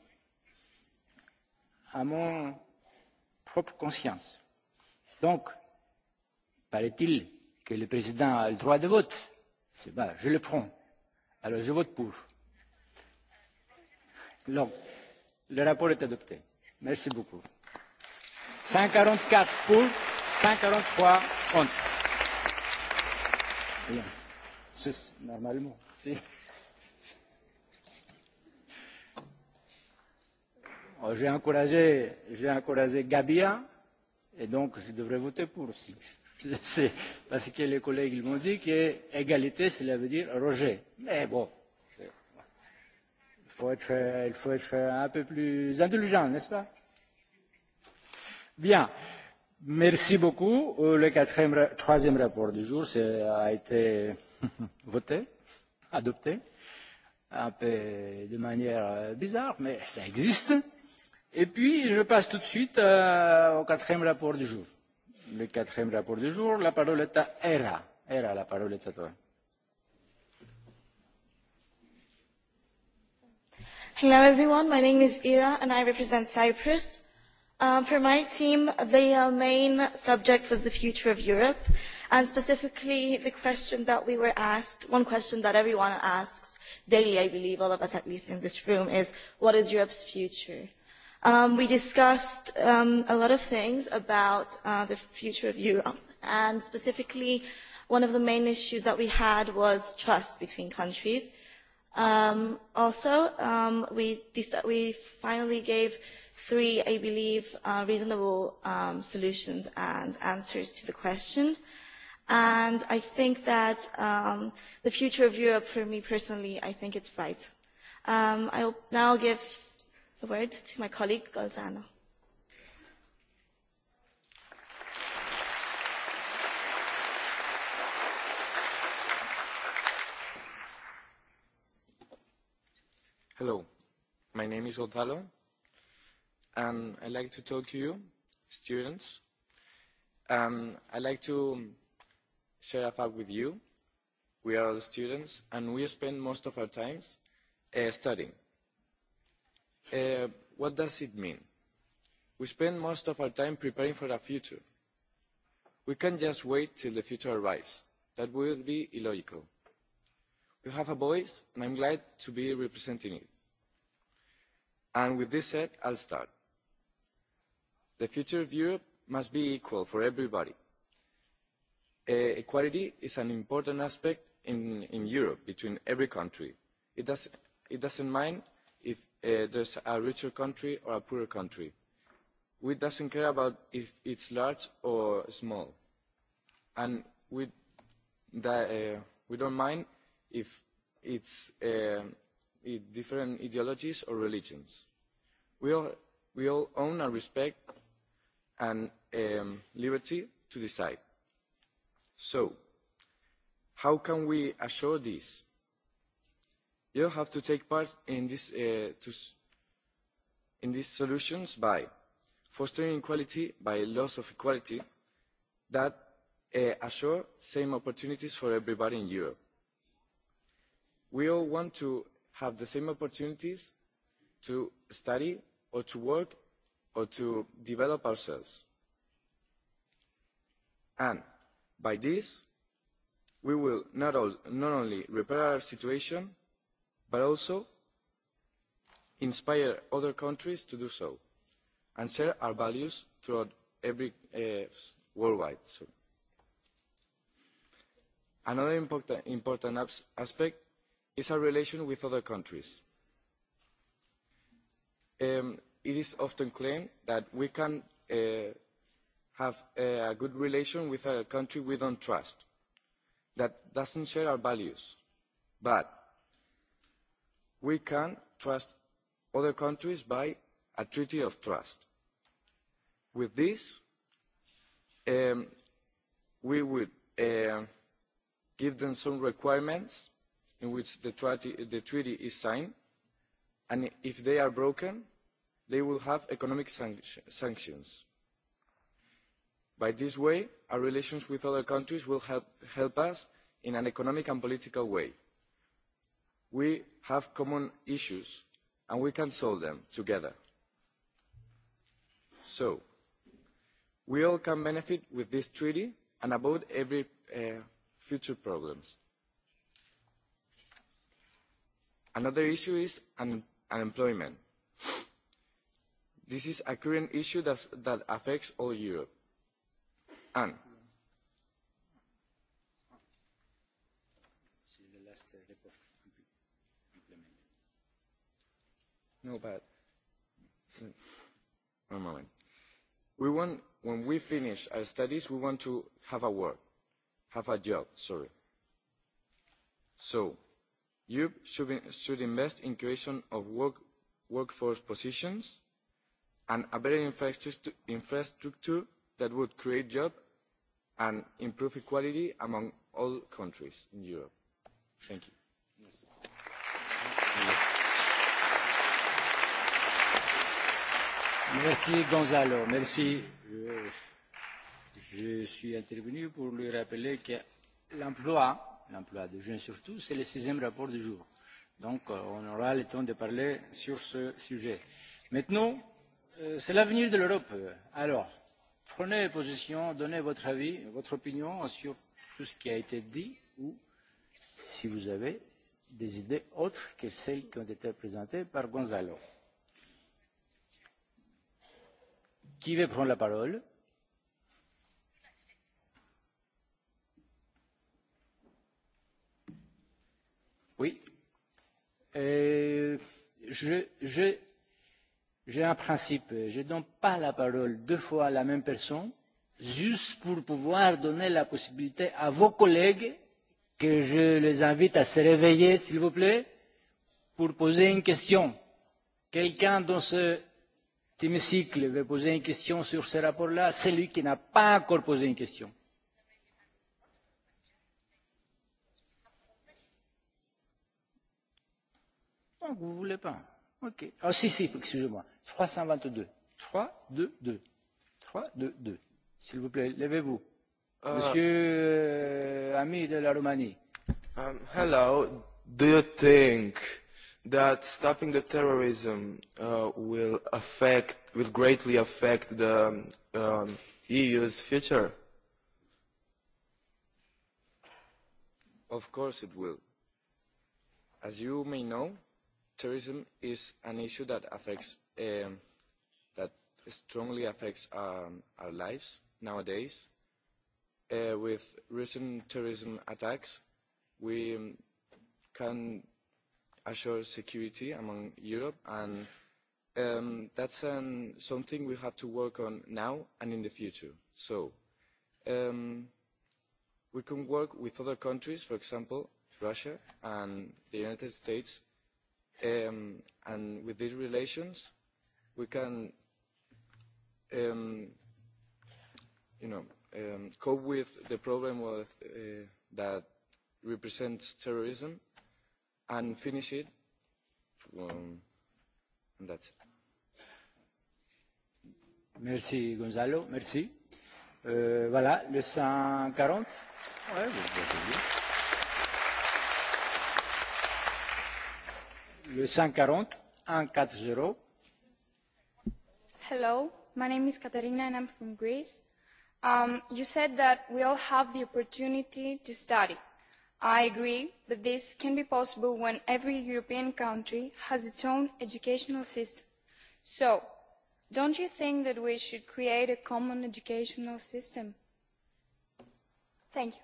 à mon propre conscience. Donc, paraît-il que le président a le droit de vote. Je le prends. Alors, je vote pour. Donc, le rapport est adopté. Merci beaucoup. 144 pour, 143 contre. Bien. Normalement, J'ai encouragé, j'ai encouragé Gabia, et donc je devrais voter pour aussi. parce que les collègues m'ont dit que égalité, cela veut dire rejet. Mais bon, il faut être, il faut un peu plus indulgent, n'est-ce pas Bien. Merci beaucoup. Le quatrième, troisième rapport du jour a été voté, adopté, un peu de manière bizarre, mais ça existe. Et puis, je passe tout de suite au quatrième rapport du jour. Le quatrième rapport du jour, la parole est à Era. Era, la parole est à toi. Hello everyone, my name is Ira and I represent Cyprus. for my team, the main subject was the future of Europe and specifically the question that we were asked, one question that everyone asks daily, I believe, all of us at least in this room, is what is Europe's future? We discussed a lot of things about the future of Europe, and specifically, one of the main issues that we had was trust between countries. Also, we finally gave three, I believe, reasonable solutions and answers to the question. And I think that the future of Europe, for me personally, I think it's bright. I will now give the word to my colleague Golzano. Hello, my name is Gonzalo, and I'd like to talk to you, students. Um, I'd like to share a fact with you. We are all students, and we spend most of our time uh, studying What does it mean? We spend most of our time preparing for our future. We can't just wait till the future arrives. That would be illogical. We have a voice, and I'm glad to be representing it. And with this said, I'll start. The future of Europe must be equal for everybody. Equality is an important aspect in Europe between every country. It doesn't mind is a richer country or a poorer country. We doesn't care about if it's large or small. And we, we don't mind if it's different ideologies or religions. We all, we all own and respect and liberty to decide. So, how can we assure this? you have to take part in this in these solutions by fostering equality by laws of equality that assure same opportunities for everybody in Europe. We all want to have the same opportunities to study or to work or to develop ourselves. And by this, we will not only repair our situation, but also inspire other countries to do so and share our values throughout every worldwide. Another important aspect is our relation with other countries. It is often claimed that we can have a good relation with a country we don't trust, that doesn't share our values. But we can trust other countries by a treaty of trust. With this, we would give them some requirements in which the treaty is signed, and if they are broken, they will have economic sanctions. By this way, our relations with other countries will help us in an economic and political way. We have common issues and we can solve them together. So, we all can benefit with this treaty and about every future problems. Another issue is unemployment. This is a current issue that affects all Europe. And No, but one moment. We want, when we finish our studies, we want to have a work, have a job. Sorry. So, you should, should invest in creation of work, workforce positions and a better infrastructure that would create jobs and improve equality among all countries in Europe. Thank you. Merci Gonzalo, merci. Je suis intervenu pour lui rappeler que l'emploi, l'emploi des jeunes surtout, c'est le sixième rapport du jour. Donc on aura le temps de parler sur ce sujet. Maintenant, c'est l'avenir de l'Europe. Alors, prenez position, donnez votre avis, votre opinion sur tout ce qui a été dit ou si vous avez des idées autres que celles qui ont été présentées par Gonzalo. Qui veut prendre la parole Oui. J'ai un principe. Je ne donne pas la parole deux fois à la même personne, juste pour pouvoir donner la possibilité à vos collègues que je les invite à se réveiller, s'il vous plaît, pour poser une question. Quelqu'un dans ce d'hémicycle veut poser une question sur ce rapport-là, c'est lui qui n'a pas encore posé une question. Donc, vous ne voulez pas. OK. Ah, si, si, excusez-moi. 322. 3, 2, 2. 3, 2, 2. S'il vous plaît, levez-vous. Monsieur euh, ami de la Roumanie. Um, hello. Do you think that stopping the terrorism will greatly affect the EU's future? Of course it will. As you may know, terrorism is an issue that affects that strongly affects our lives nowadays. With recent terrorism attacks, we can assure security among Europe, and that's something we have to work on now and in the future. So we can work with other countries, for example, Russia and the United States, and with these relations, we can, you know, cope with the problem that represents terrorism and finish it. Um, and that's it. Merci Gonzalo, merci. Euh, voilà, le 140. Ouais, vous le 140, 140. Hello, my name is Katerina and I'm from Greece. Um, you said that we all have the opportunity to study I agree that this can be possible when every European country has its own educational system. So, don't you think that we should create a common educational system? Thank you.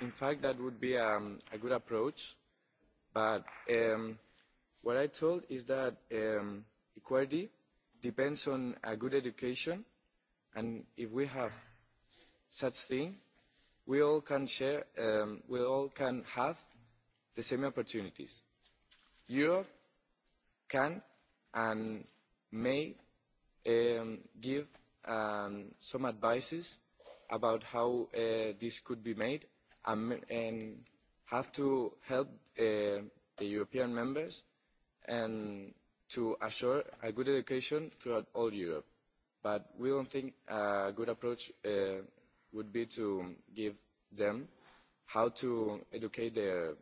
in fact that would be a good approach but what i told is that equality depends on a good education and if we have such thing we all can share we all can have the same opportunities europe can and may give some advices about how this could be made and have to help the European members and to assure a good education throughout all Europe. But we don't think a good approach would be to give them how to educate their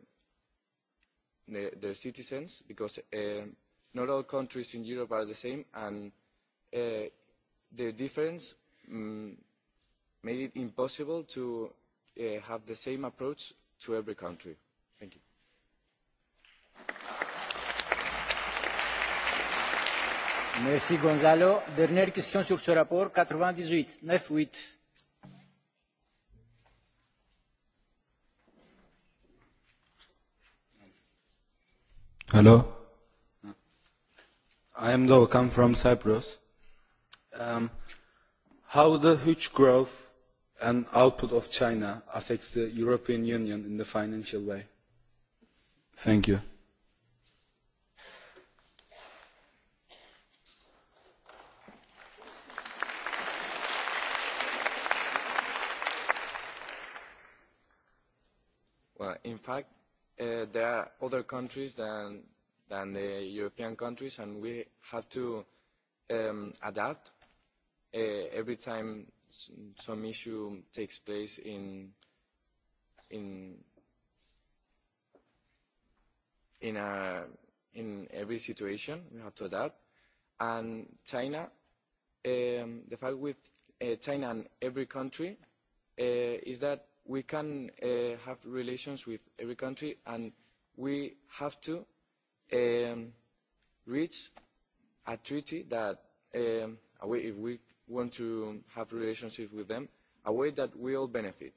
their citizens because not all countries in Europe are the same and the difference made it impossible to have the same approach to every country. Thank you. Merci Gonzalo. Dernière question sur ce rapport, 98, 9-8. Hello. I am Loak. come from Cyprus. Um, how the huge growth and output of China affects the European Union in the financial way? Thank you. Well, in fact, there are other countries than than the European countries, and we have to adapt every time some issue takes place in in in a in every situation we have to adapt and china the fact with china and every country is that we can have relations with every country and we have to reach a treaty that if we want to have relationships with them, a way that we all benefit.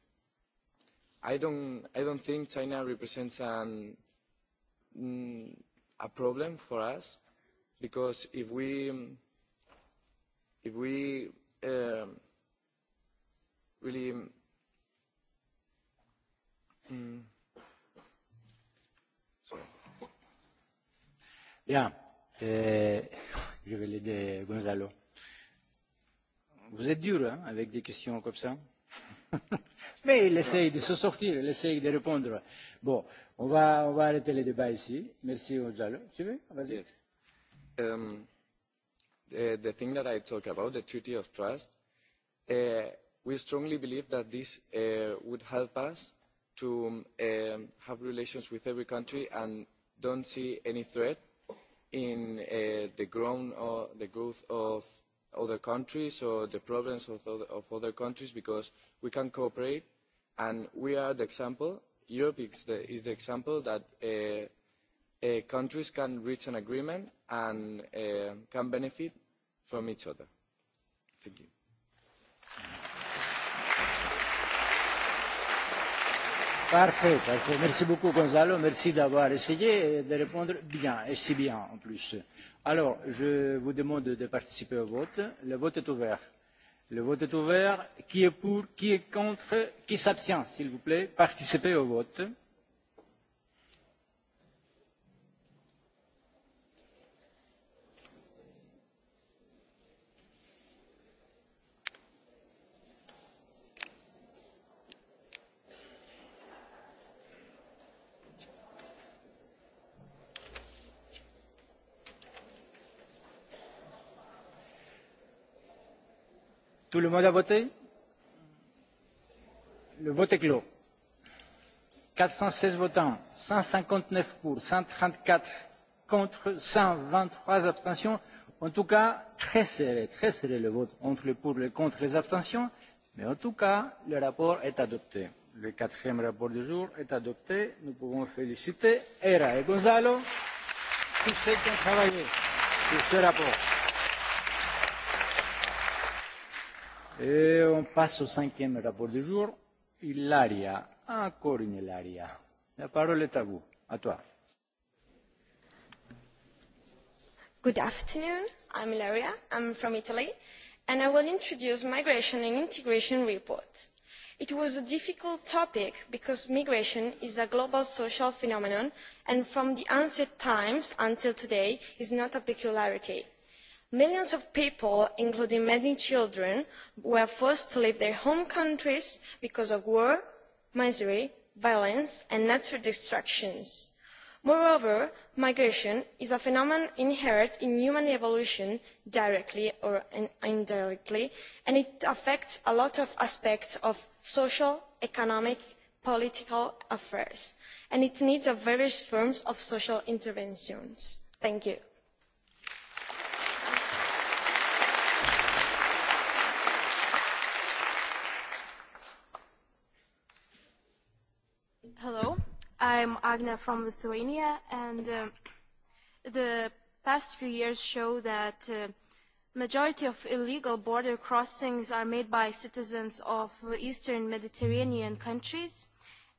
I don't, I don't think China represents an, a problem for us because if we, if we really Yeah, je Gonzalo. Vous êtes dur hein, avec des questions comme ça. Mais il essaye de se sortir, il essaye de répondre. Bon, on va, on va arrêter le débat ici. Merci, Gonzalo. Tu veux Vas-y. Um, the, the thing that I talk about, the treaty of trust, uh, we strongly believe that this uh, would help us to um, have relations with every country and don't see any threat in uh, the, grown or the growth of other countries or the problems of other countries because we can cooperate and we are the example. Europe is the example that countries can reach an agreement and can benefit from each other. Thank you. Parfait, parfait. Merci beaucoup Gonzalo, merci d'avoir essayé de répondre bien, et si bien en plus. Alors, je vous demande de participer au vote. Le vote est ouvert. Le vote est ouvert. Qui est pour Qui est contre Qui s'abstient S'il vous plaît, participez au vote. le monde a voté Le vote est clos. 416 votants, 159 pour, 134 contre, 123 abstentions. En tout cas, très serré, très serré le vote entre le pour et le contre les abstentions. Mais en tout cas, le rapport est adopté. Le quatrième rapport du jour est adopté. Nous pouvons féliciter Hera et Gonzalo, tous ceux qui ont travaillé sur ce rapport. Et on passe au cinquième rapport du jour. Ilaria, encore une Ilaria. La parole est à vous, à toi. Good afternoon, I'm Ilaria, I'm from Italy, and I will introduce Migration and Integration Report. It was a difficult topic because migration is a global social phenomenon and from the ancient times until today is not a peculiarity Millions of people, including many children, were forced to leave their home countries because of war, misery, violence and natural destructions. Moreover, migration is a phenomenon inherent in human evolution directly or indirectly, and it affects a lot of aspects of social, economic, and political affairs, and it needs various forms of social interventions. Thank you. I'm Agna from Lithuania, and the past few years show that majority of illegal border crossings are made by citizens of Eastern Mediterranean countries,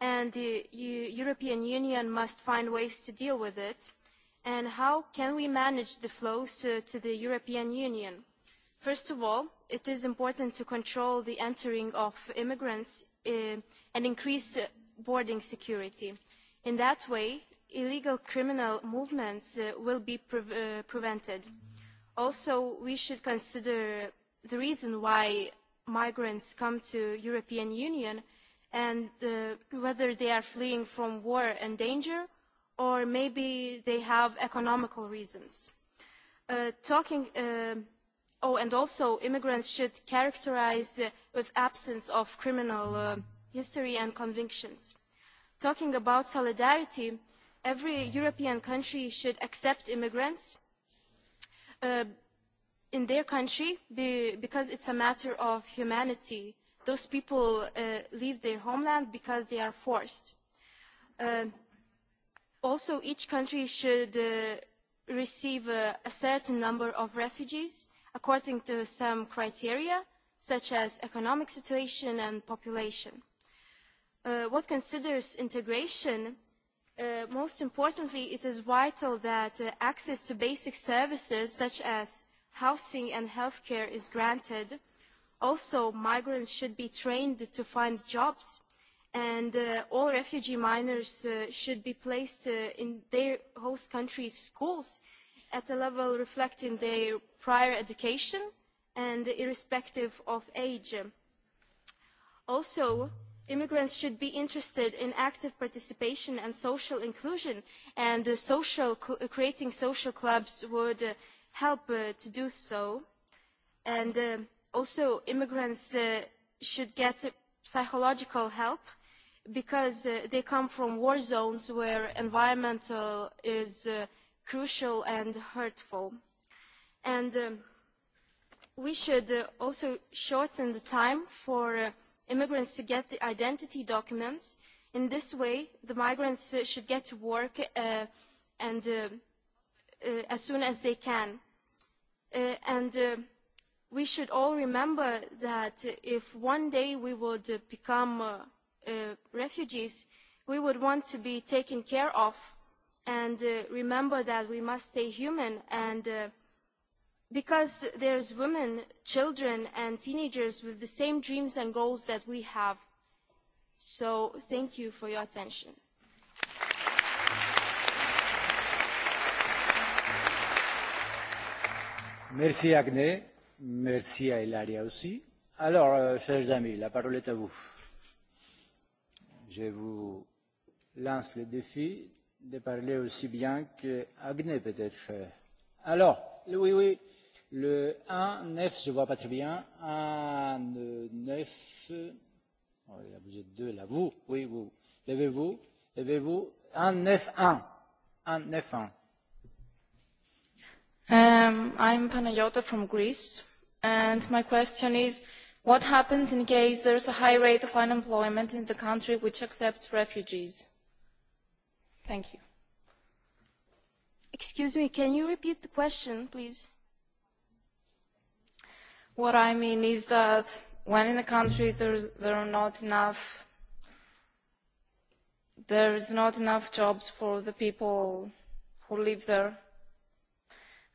and the European Union must find ways to deal with it. And how can we manage the flows to the European Union? First of all, it is important to control the entering of immigrants and increase boarding security. In that way, illegal criminal movements will be prevented. Also, we should consider the reason why migrants come to European Union and whether they are fleeing from war and danger or maybe they have economical reasons. Talking oh and also immigrants should characterize with absence of criminal history and convictions talking about solidarity, every European country should accept immigrants in their country because it's a matter of humanity. Those people leave their homeland because they are forced. Also, each country should receive a certain number of refugees according to some criteria, such as economic situation and population what considers integration, most importantly, it is vital that access to basic services such as housing and healthcare is granted. Also, migrants should be trained to find jobs, and all refugee minors should be placed in their host country's schools at a level reflecting their prior education and irrespective of age. Also, immigrants should be interested in active participation and social inclusion and social creating social clubs would help to do so and also immigrants should get psychological help because they come from war zones where environmental is crucial and hurtful and we should also shorten the time for immigrants to get the identity documents. In this way, the migrants should get to work and as soon as they can. And we should all remember that if one day we would become refugees, we would want to be taken care of and remember that we must stay human and because there's women, children, and teenagers with the same dreams and goals that we have. So thank you for your attention. Merci Agne, merci à Hilaria aussi. Alors, chers amis, la parole est à vous. Je vous lance le défi de parler aussi bien que Agne peut-être. Alors, oui, oui. Le 1, 9, je ne vois pas très bien. 1, 9. Oh, là, vous êtes deux là. Vous, oui, vous. Levez-vous. Levez-vous. 1, 9, 1. 1, 9, 1. Um, I'm Panayota from Greece. And my question is, what happens in case there's a high rate of unemployment in the country which accepts refugees? Thank you. Excuse me, can you repeat the question, please? What I mean is that when in a country there are not enough there is not enough jobs for the people who live there,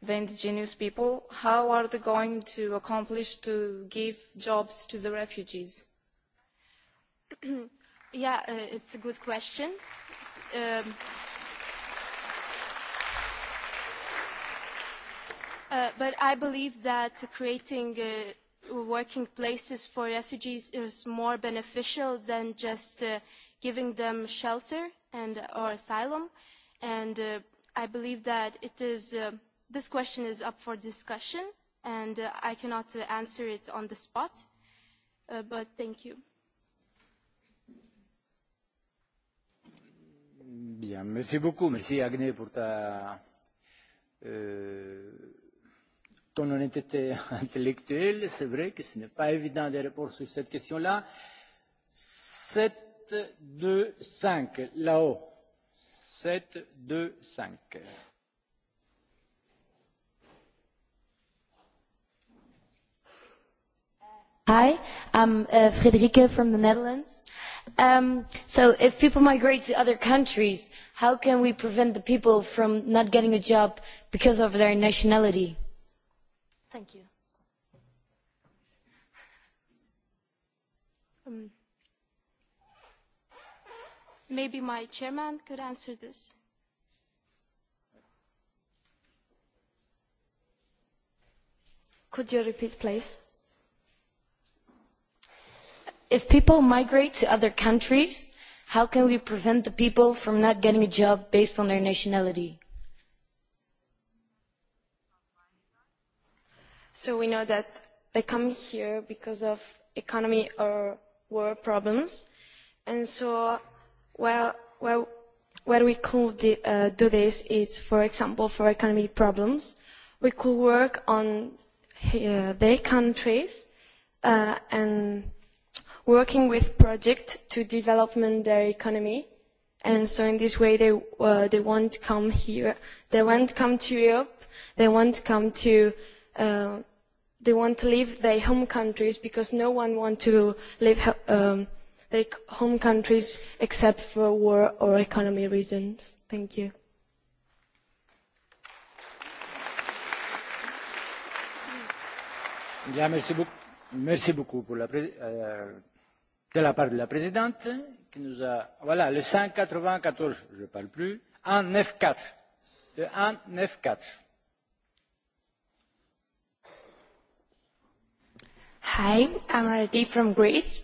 the indigenous people, how are they going to accomplish to give jobs to the refugees? Yeah, it's a good question. But I believe that creating working places for refugees is more beneficial than just giving them shelter and or asylum. And I believe that it is this question is up for discussion, and I cannot answer it on the spot. But thank you. Bien, merci beaucoup, merci pour ta ton honnêteté intellectuelle. C'est vrai que ce n'est pas évident de répondre sur cette question-là. 7, 2, 5, là-haut. 7, 2, 5. Hi, I'm uh, Frederike from the Netherlands. Um, so if people migrate to other countries, how can we prevent the people from not getting a job because of their nationality? Thank you. Maybe my chairman could answer this. Could you repeat, please? If people migrate to other countries, how can we prevent the people from not getting a job based on their nationality? So we know that they come here because of economy or war problems. And so where, where, where we could do this is, for example, for economy problems. We could work on their countries and working with projects to develop their economy. And so in this way, they, they won't come here. They won't come to Europe. They won't come to they want to leave their home countries because no one wants to leave their home countries except for war or economy reasons. Thank you. Merci beaucoup pour la de la part de la présidente qui nous a. Voilà, le 194, je parle plus. 194. Le 194. Hi, I'm Aradi from Greece.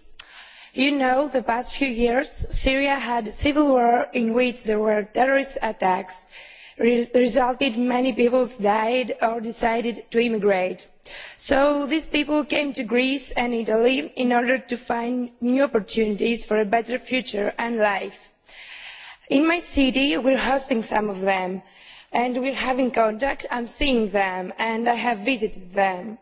You know, the past few years, Syria had a civil war in which there were terrorist attacks, resulted many people died or decided to immigrate. So these people came to Greece and Italy in order to find new opportunities for a better future and life. In my city, we're hosting some of them and we're having contact. I'm seeing them and I have visited them.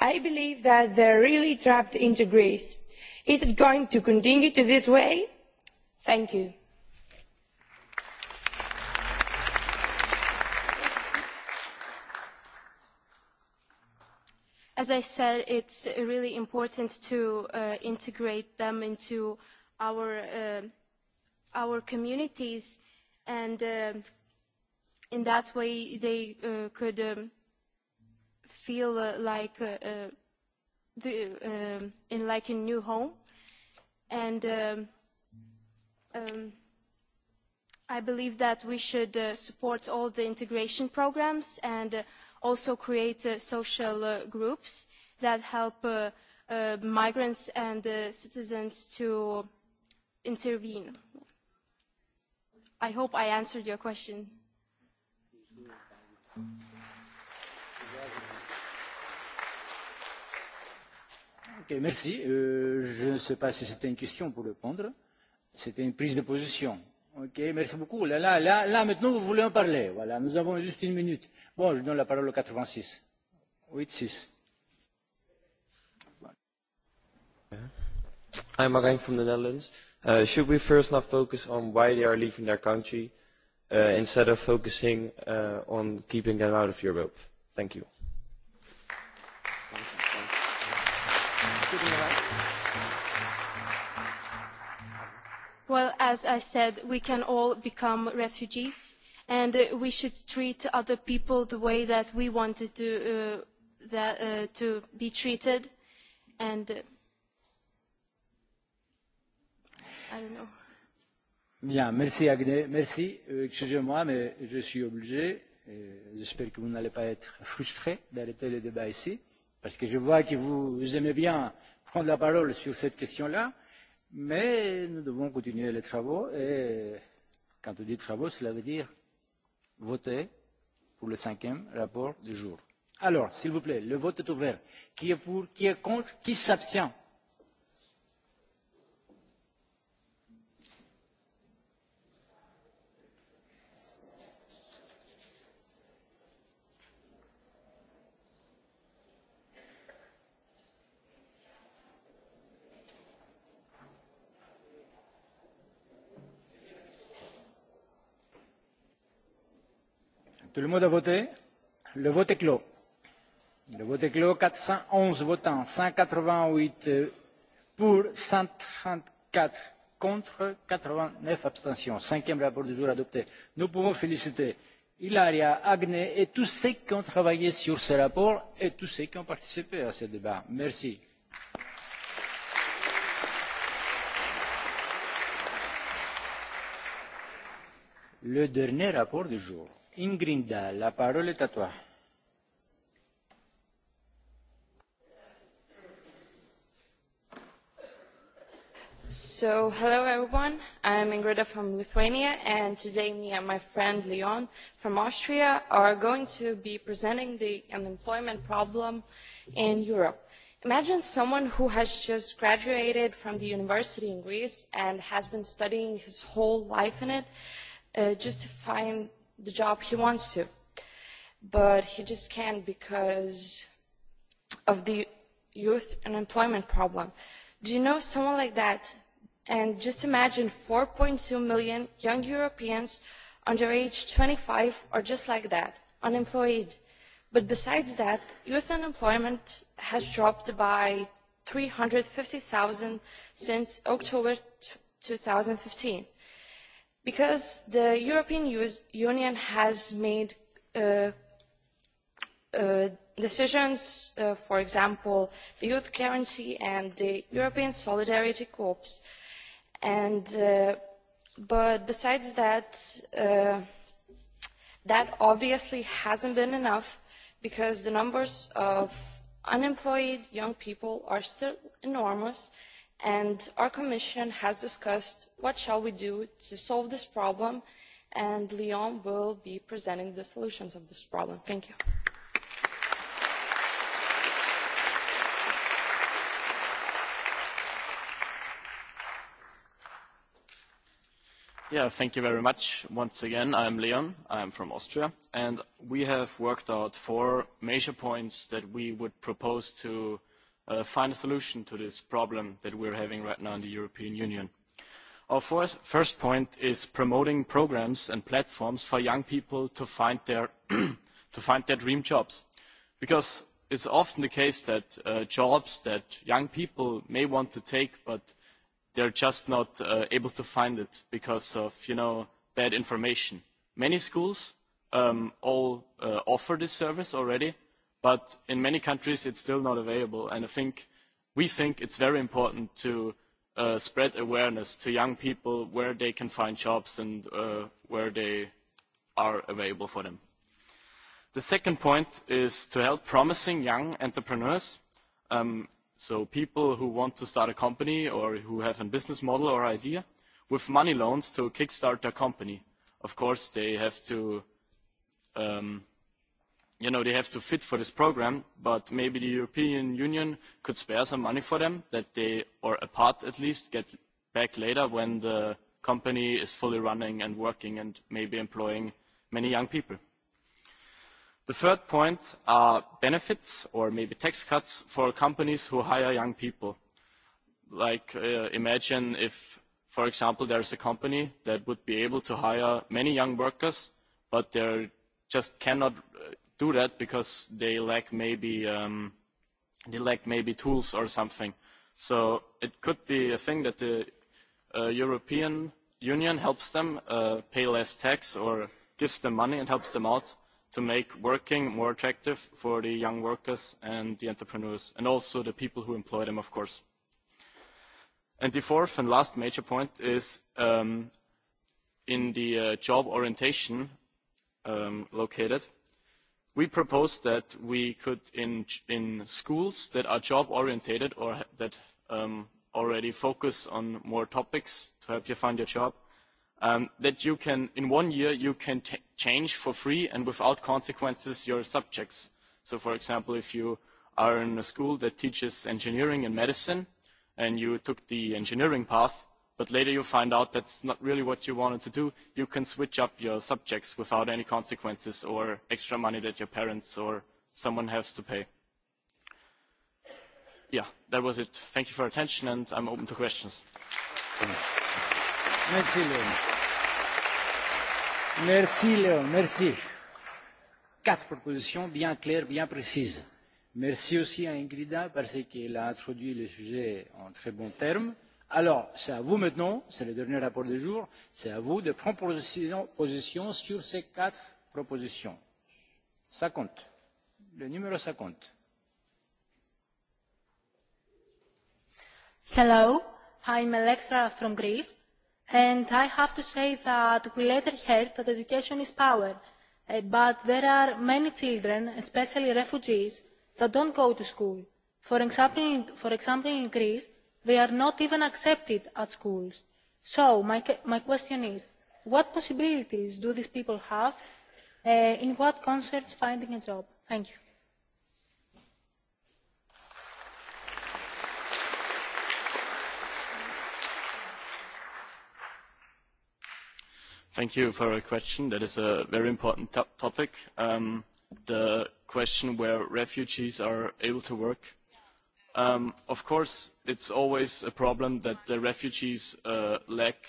I believe that they're really trapped into Greece. Is it going to continue to this way? Thank you. As I said, it's really important to integrate them into our communities and in that way they could feel like in like a new home and I believe that we should support all the integration programs and also create social groups that help migrants and citizens to intervene. I hope I answered your question. Merci. Je ne sais pas si c'était une question pour répondre. C'était une prise de position. Ok, merci beaucoup. Là, là, là, là, maintenant, vous voulez en parler. Voilà, nous avons juste une minute. Bon, je donne la parole au 86. 86. I'm again from the Netherlands. Uh, should we first not focus on why they are leaving their country instead of focusing on keeping them out of Europe. Thank you. Well, as I said, we can all become refugees and we should treat other people the way that we wanted to be treated. And I don't know. Bien, merci Agné. Merci. Excusez-moi, mais je suis obligé. J'espère que vous n'allez pas être frustré d'arrêter le débat ici, parce que je vois que vous aimez bien prendre la parole sur cette question-là, mais nous devons continuer les travaux. Et quand on dit travaux, cela veut dire voter pour le cinquième rapport du jour. Alors, s'il vous plaît, le vote est ouvert. Qui est pour Qui est contre Qui s'abstient Tout le monde a voté Le vote est clos. Le vote est clos. 411 votants, 188 pour, 134 contre, 89 abstentions. Cinquième rapport du jour adopté. Nous pouvons féliciter Hilaria, Agne et tous ceux qui ont travaillé sur ce rapport et tous ceux qui ont participé à ce débat. Merci. Le dernier rapport du jour la parole est So, hello everyone. I'm Ingrida from Lithuania, and today me and my friend Leon from Austria are going to be presenting the unemployment problem in Europe. Imagine someone who has just graduated from the university in Greece and has been studying his whole life in it just to find the job he wants to. But he just can't because of the youth unemployment problem. Do you know someone like that? And just imagine 4.2 million young Europeans under age 25 are just like that, unemployed. But besides that, youth unemployment has dropped by 350,000 since October 2015 because the European Union has made decisions, for example, the Youth Guarantee and the European Solidarity Corps. But besides that, that obviously hasn't been enough because the numbers of unemployed young people are still enormous and our commission has discussed what shall we do to solve this problem and Lyon will be presenting the solutions of this problem. Thank you. Yeah, thank you very much. Once again, I I'm Leon. am from Austria. And we have worked out four major points that we would propose to find a solution to this problem that we are having right now in the European Union. Our first point is promoting programmes and platforms for young people to find their dream jobs. Because it is often the case that jobs that young people may want to take, but they are just not able to find it because of, bad information. Many schools all offer this service already but in many countries it's still not available and i think we think it's very important to spread awareness to young people where they can find jobs and where they are available for them the second point is to help promising young entrepreneurs so people who want to start a company or who have a business model or idea with money loans to kickstart their company of course they have to you know, they have to fit for this program, but maybe the European Union could spare some money for them that they, or a part at least, get back later when the company is fully running and working and maybe employing many young people. The third point are benefits or maybe tax cuts for companies who hire young people. Like imagine if, for example, there's a company that would be able to hire many young workers, but they just cannot do that because they lack maybe they lack maybe tools or something. So it could be a thing that the European Union helps them pay less tax or gives them money and helps them out to make working more attractive for the young workers and the entrepreneurs and also the people who employ them, of course. And the fourth and last major point is in the job orientation located we proposed that we could in in schools that are job orientated or that already focus on more topics to help you find your job that you can in one year you can change for free and without consequences your subjects so for example if you are in a school that teaches engineering and medicine and you took the engineering path but later you find out that's not really what you wanted to do, you can switch up your subjects without any consequences or extra money that your parents or someone has to pay. Yeah, that was it. Thank you for your attention, and I'm open to questions. Merci, Léon. Merci, Léon. Merci. Quatre propositions bien claires, bien précises. Merci aussi à Ingrida parce qu'elle a introduit le sujet en très bons termes Alors, c'est à vous maintenant, c'est le dernier rapport du jour, c'est à vous de prendre position sur ces quatre propositions. 50. Le numéro 50. Hello, I'm Alexa from Greece, and I have to say that we later heard that education is power, but there are many children, especially refugees, that don't go to school. For example, for example in Greece, They are not even accepted at schools. So my question is, what possibilities do these people have? In what concerns finding a job? Thank you. Thank you for a question. That is a very important topic. The question where refugees are able to work Of course, it's always a problem that the refugees lack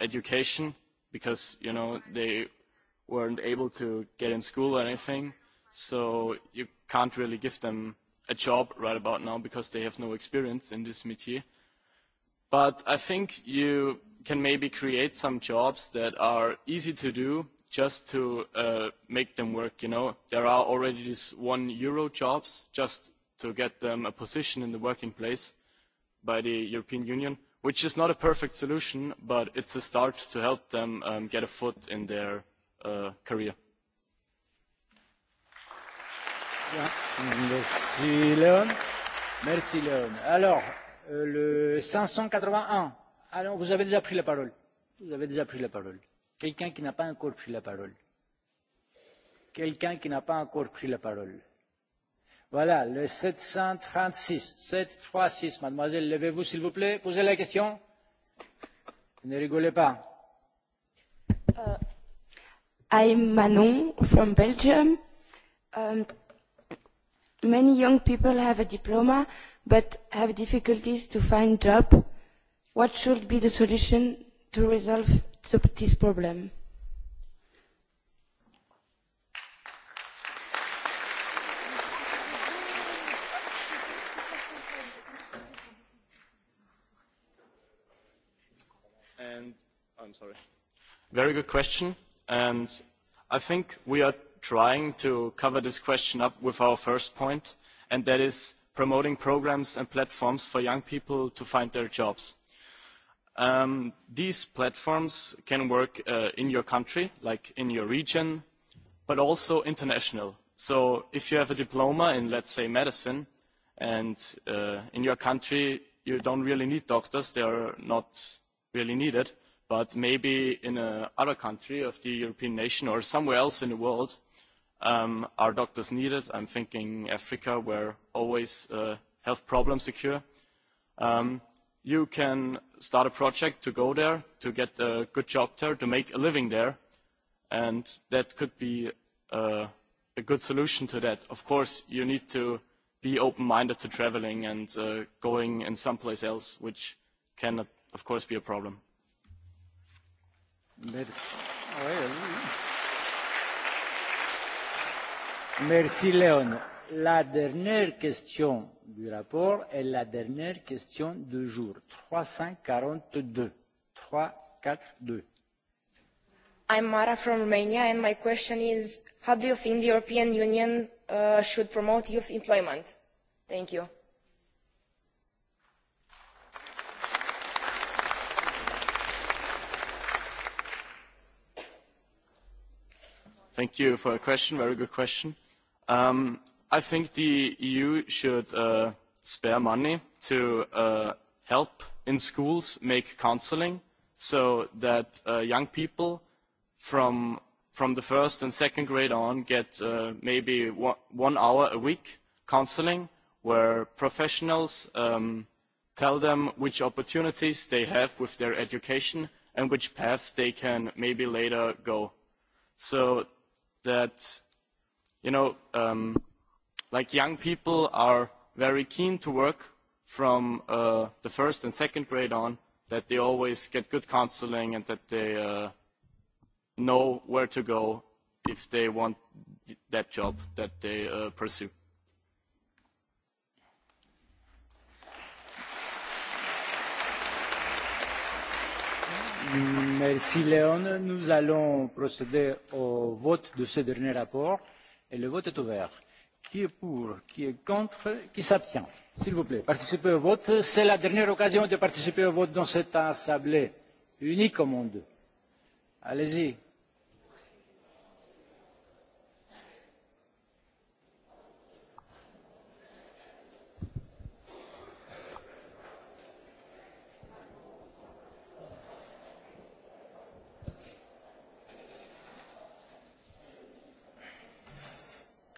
education because, you know, they weren't able to get in school or anything. So you can't really give them a job right about now because they have no experience in this métier. But I think you can maybe create some jobs that are easy to do just to make them work, you know. There are already these one euro jobs, just to get them a position in the working place by the European Union, which is not a perfect solution, but it's a start to help them get a foot in their career. Merci Léon. Merci Léon. Alors, le 581. Alors, vous avez déjà pris la parole. Vous avez déjà pris la parole. Quelqu'un qui n'a pas encore pris la parole. Quelqu'un qui n'a pas encore pris la parole. Voilà, le 736. 736, mademoiselle, levez-vous s'il vous plaît, posez la question. Ne rigolez pas. I'm Manon from Belgium. Many young people have a diploma but have difficulties to find job. What should be the solution to resolve this problem? I'm sorry. Very good question. And I think we are trying to cover this question up with our first point, and that is promoting programs and platforms for young people to find their jobs. These platforms can work in your country, like in your region, but also international. So if you have a diploma in, let's say, medicine, and in your country you don't really need doctors, they are not really needed, but maybe in another country of the European nation or somewhere else in the world are doctors needed. I'm thinking Africa where always health problems occur. You can start a project to go there, to get a good job there, to make a living there, and that could be a good solution to that. Of course, you need to be open-minded to traveling and going in someplace else, which can, of course, be a problem. Merci Léon. La dernière question du rapport est la dernière question du jour. 342. 342. I'm Mara from Romania and my question is how do you think the European Union should promote youth employment? Thank you. Thank you for a question, very good question. I think the EU should spare money to help in schools make counseling so that young people from the first and second grade on get maybe one hour a week counseling where professionals tell them which opportunities they have with their education and which path they can maybe later go. So that, you know, like young people are very keen to work from the first and second grade on, that they always get good counseling and that they know where to go if they want that job that they pursue. Merci Léon. Nous allons procéder au vote de ce dernier rapport et le vote est ouvert. Qui est pour Qui est contre Qui s'abstient S'il vous plaît, participez au vote. C'est la dernière occasion de participer au vote dans cette assemblée unique au monde. Allez-y,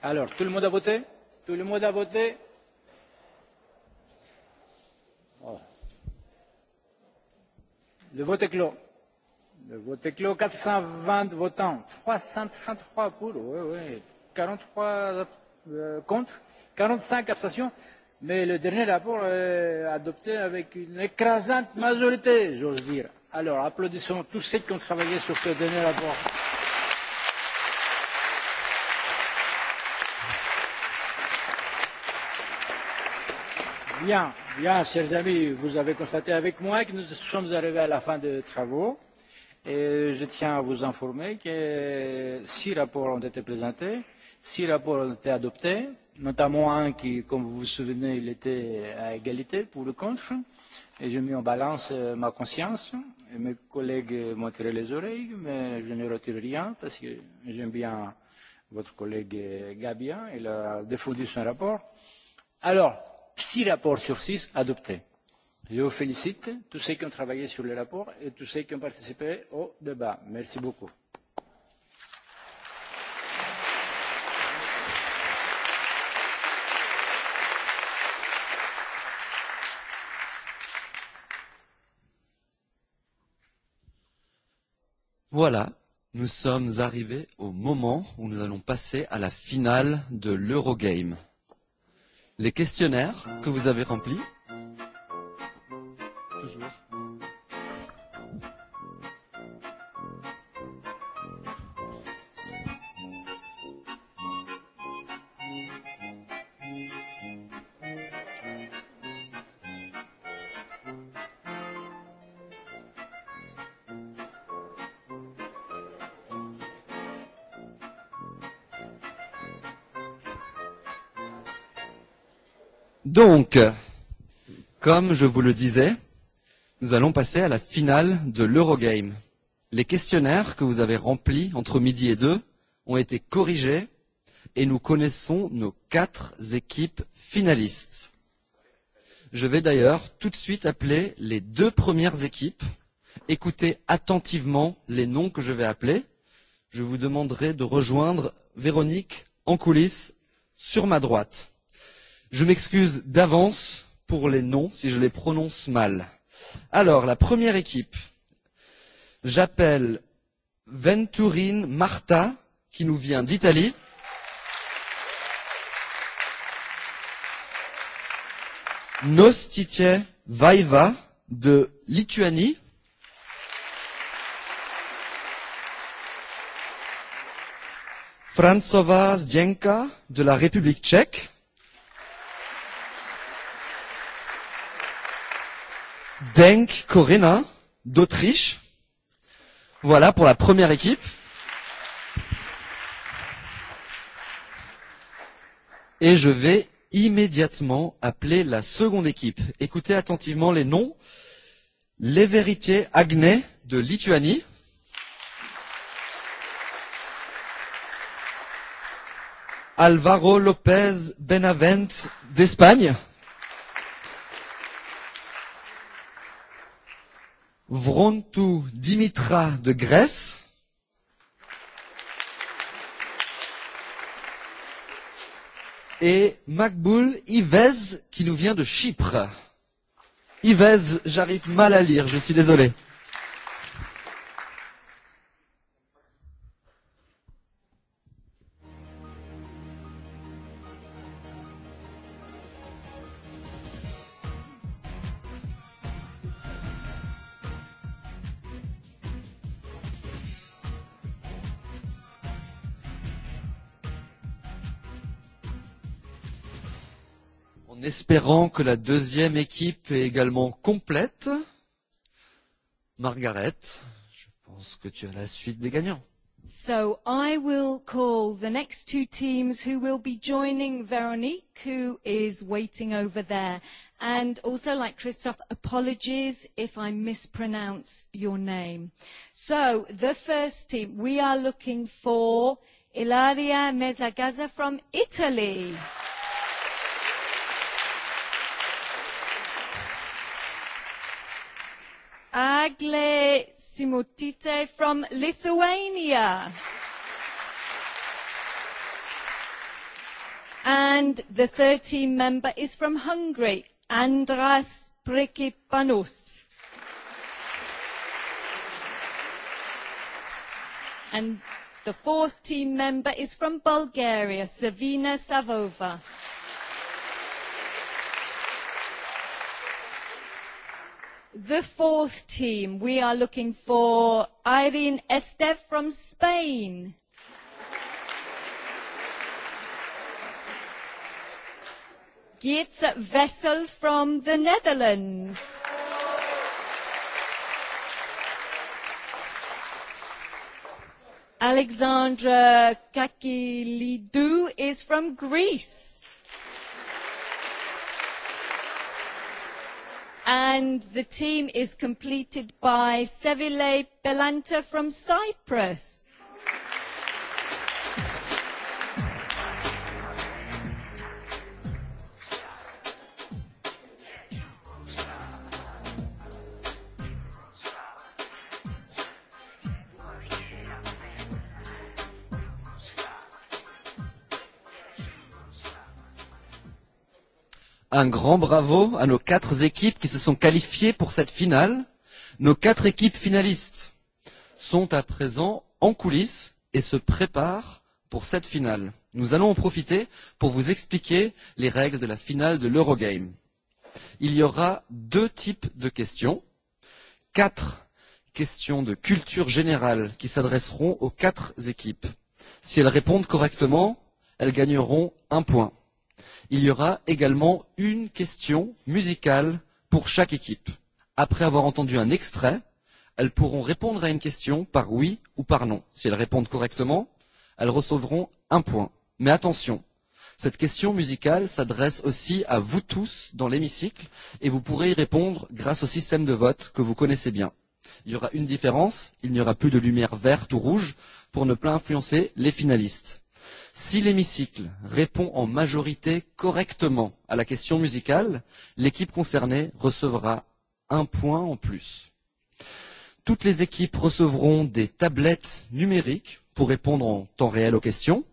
Alors, tout le monde a voté Tout le monde a voté Le vote est clos. Le vote est clos. 420 votants. 333 pour. Oui, oui. 43 contre. 45 abstentions. Mais le dernier rapport est adopté avec une écrasante majorité, j'ose dire. Alors, applaudissons tous ceux qui ont travaillé sur ce dernier rapport. Bien, bien, chers amis, vous avez constaté avec moi que nous sommes arrivés à la fin des travaux. Et je tiens à vous informer que six rapports ont été présentés, six rapports ont été adoptés, notamment un qui, comme vous vous souvenez, il était à égalité pour le contre. Et j'ai mis en balance ma conscience. Et mes collègues m'ont tiré les oreilles, mais je ne retire rien parce que j'aime bien votre collègue Gabien. Il a défendu son rapport. Alors, six rapports sur six adoptés. Je vous félicite, tous ceux qui ont travaillé sur le rapport et tous ceux qui ont participé au débat. Merci beaucoup. Voilà, nous sommes arrivés au moment où nous allons passer à la finale de l'Eurogame les questionnaires que vous avez remplis Donc, comme je vous le disais, nous allons passer à la finale de l'Eurogame. Les questionnaires que vous avez remplis entre midi et deux ont été corrigés et nous connaissons nos quatre équipes finalistes. Je vais d'ailleurs tout de suite appeler les deux premières équipes. Écoutez attentivement les noms que je vais appeler. Je vous demanderai de rejoindre Véronique en coulisses sur ma droite. Je m'excuse d'avance pour les noms si je les prononce mal. Alors, la première équipe. J'appelle Venturine Marta, qui nous vient d'Italie. Nostitie Vaiva, de Lituanie. Francova Zdienka, de la République tchèque. Denk Corinna d'Autriche. Voilà pour la première équipe. Et je vais immédiatement appeler la seconde équipe. Écoutez attentivement les noms. Les véritiers Agné de Lituanie. Alvaro López Benavent d'Espagne. Vrontou Dimitra de Grèce. Et Makboul Ivez qui nous vient de Chypre. Ivez, j'arrive mal à lire, je suis désolé. espérant que la deuxième équipe est également complète. Margaret, je pense que tu as la suite des gagnants. So I will call the next two teams who will be joining Veronique, who is waiting over there. And also, like Christophe, apologies if I mispronounce your name. So the first team, we are looking for Ilaria Mezagaza from Italy. Agle Simutite from Lithuania. And the third team member is from Hungary, Andras Prikipanos. And the fourth team member is from Bulgaria, Savina Savova. the fourth team, we are looking for Irene Estev from Spain. Geertz Vessel from the Netherlands. Alexandra Kakilidou is from Greece. and the team is completed by Sevile Belanta from Cyprus. un grand bravo à nos quatre équipes qui se sont qualifiées pour cette finale. Nos quatre équipes finalistes sont à présent en coulisses et se préparent pour cette finale. Nous allons en profiter pour vous expliquer les règles de la finale de l'Eurogame. Il y aura deux types de questions. Quatre questions de culture générale qui s'adresseront aux quatre équipes. Si elles répondent correctement, elles gagneront un point. Il y aura également une question musicale pour chaque équipe. Après avoir entendu un extrait, elles pourront répondre à une question par oui ou par non. Si elles répondent correctement, elles recevront un point. Mais attention, cette question musicale s'adresse aussi à vous tous dans l'hémicycle et vous pourrez y répondre grâce au système de vote que vous connaissez bien. Il y aura une différence, il n'y aura plus de lumière verte ou rouge pour ne pas influencer les finalistes. Si l'hémicycle répond en majorité correctement à la question musicale, l'équipe concernée recevra un point en plus. Toutes les équipes recevront des tablettes numériques pour répondre en temps réel aux questions.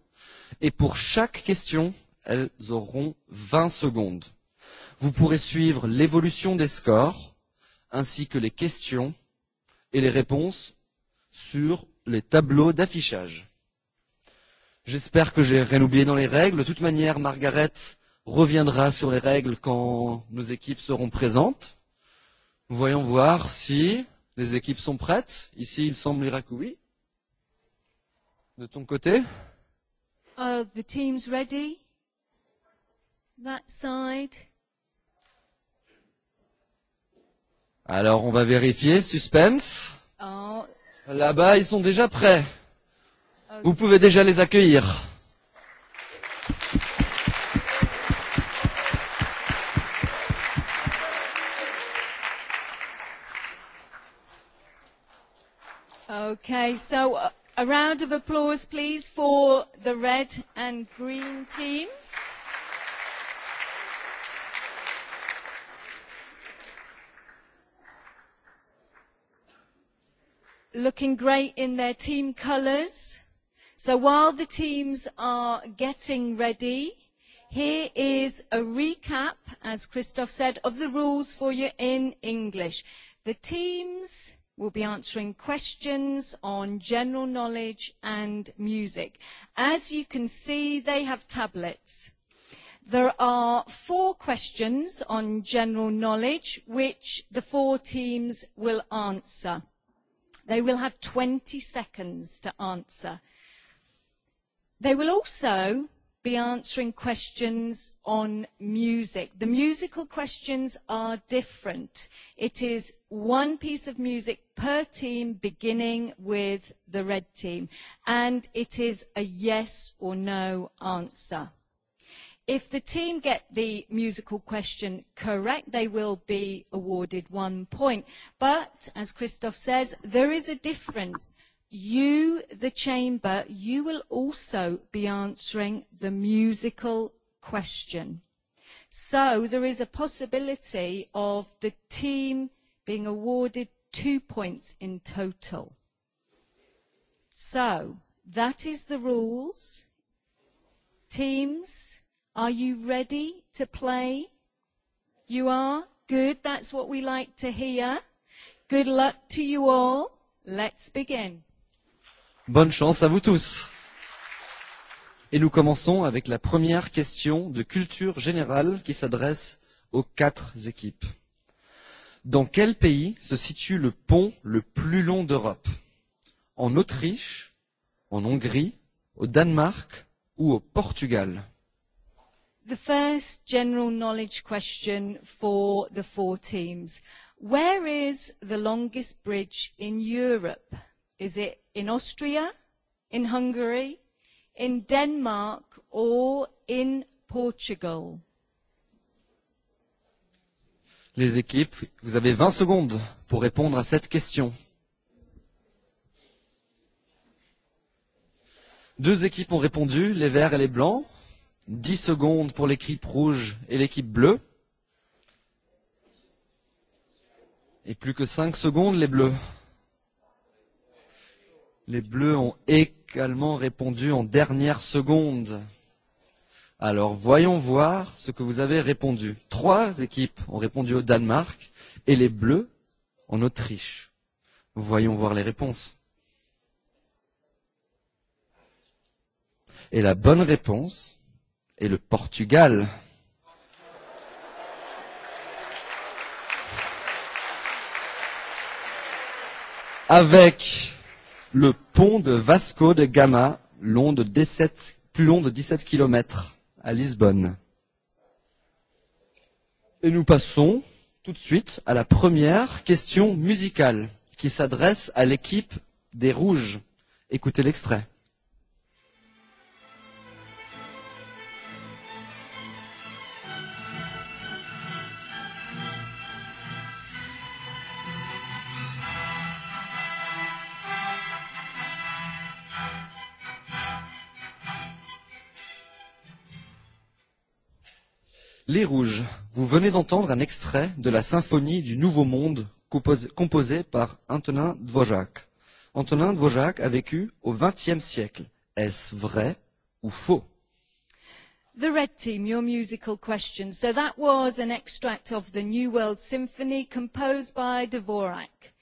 Et pour chaque question, elles auront 20 secondes. Vous pourrez suivre l'évolution des scores, ainsi que les questions et les réponses sur les tableaux d'affichage. J'espère que j'ai rien oublié dans les règles. De toute manière, Margaret reviendra sur les règles quand nos équipes seront présentes. Nous voyons voir si les équipes sont prêtes. Ici, il semble que oui. De ton côté Are the teams ready? That side? Alors, on va vérifier. Suspense. Là-bas, ils sont déjà prêts. Vous pouvez déjà les accueillir. Okay, so a round of applause, please, for the red and green teams. Looking great in their team colours. So while the teams are getting ready, here is a recap, as Christoph said, of the rules for you in English. The teams will be answering questions on general knowledge and music. As you can see, they have tablets. There are four questions on general knowledge, which the four teams will answer. They will have 20 seconds to answer. They will also be answering questions on music. The musical questions are different. It is one piece of music per team beginning with the red team and it is a yes or no answer. If the team get the musical question correct, they will be awarded one point. But, as Christoph says, there is a difference you, the chamber, you will also be answering the musical question. So there is a possibility of the team being awarded two points in total. So that is the rules. Teams, are you ready to play? You are? Good. That's what we like to hear. Good luck to you all. Let's begin. Bonne chance à vous tous. Et nous commençons avec la première question de culture générale qui s'adresse aux quatre équipes. Dans quel pays se situe le pont le plus long d'Europe En Autriche, en Hongrie, au Danemark ou au Portugal The first general knowledge question for the four teams. Where is the longest bridge in Europe? Is it in Austria, in Hungary, in Denmark, or in Portugal. Les équipes, vous avez 20 secondes pour répondre à cette question. Deux équipes ont répondu, les verts et les blancs. 10 secondes pour l'équipe rouge et l'équipe bleue. Et plus que 5 secondes, les bleus. Les bleus ont également répondu en dernière seconde. Alors voyons voir ce que vous avez répondu. Trois équipes ont répondu au Danemark et les bleus en Autriche. Voyons voir les réponses. Et la bonne réponse est le Portugal. Avec le pont de Vasco de Gama, long de 17, plus long de 17 km à Lisbonne. Et nous passons tout de suite à la première question musicale qui s'adresse à l'équipe des Rouges. Écoutez l'extrait. Les Rouges. Vous venez d'entendre un extrait de la symphonie du Nouveau Monde composée par Antonin Dvořák. Antonin Dvořák a vécu au XXe siècle. Est-ce vrai ou faux? The Red Team, your musical question. So that was an extract of the New World Symphony composed by Dvorak.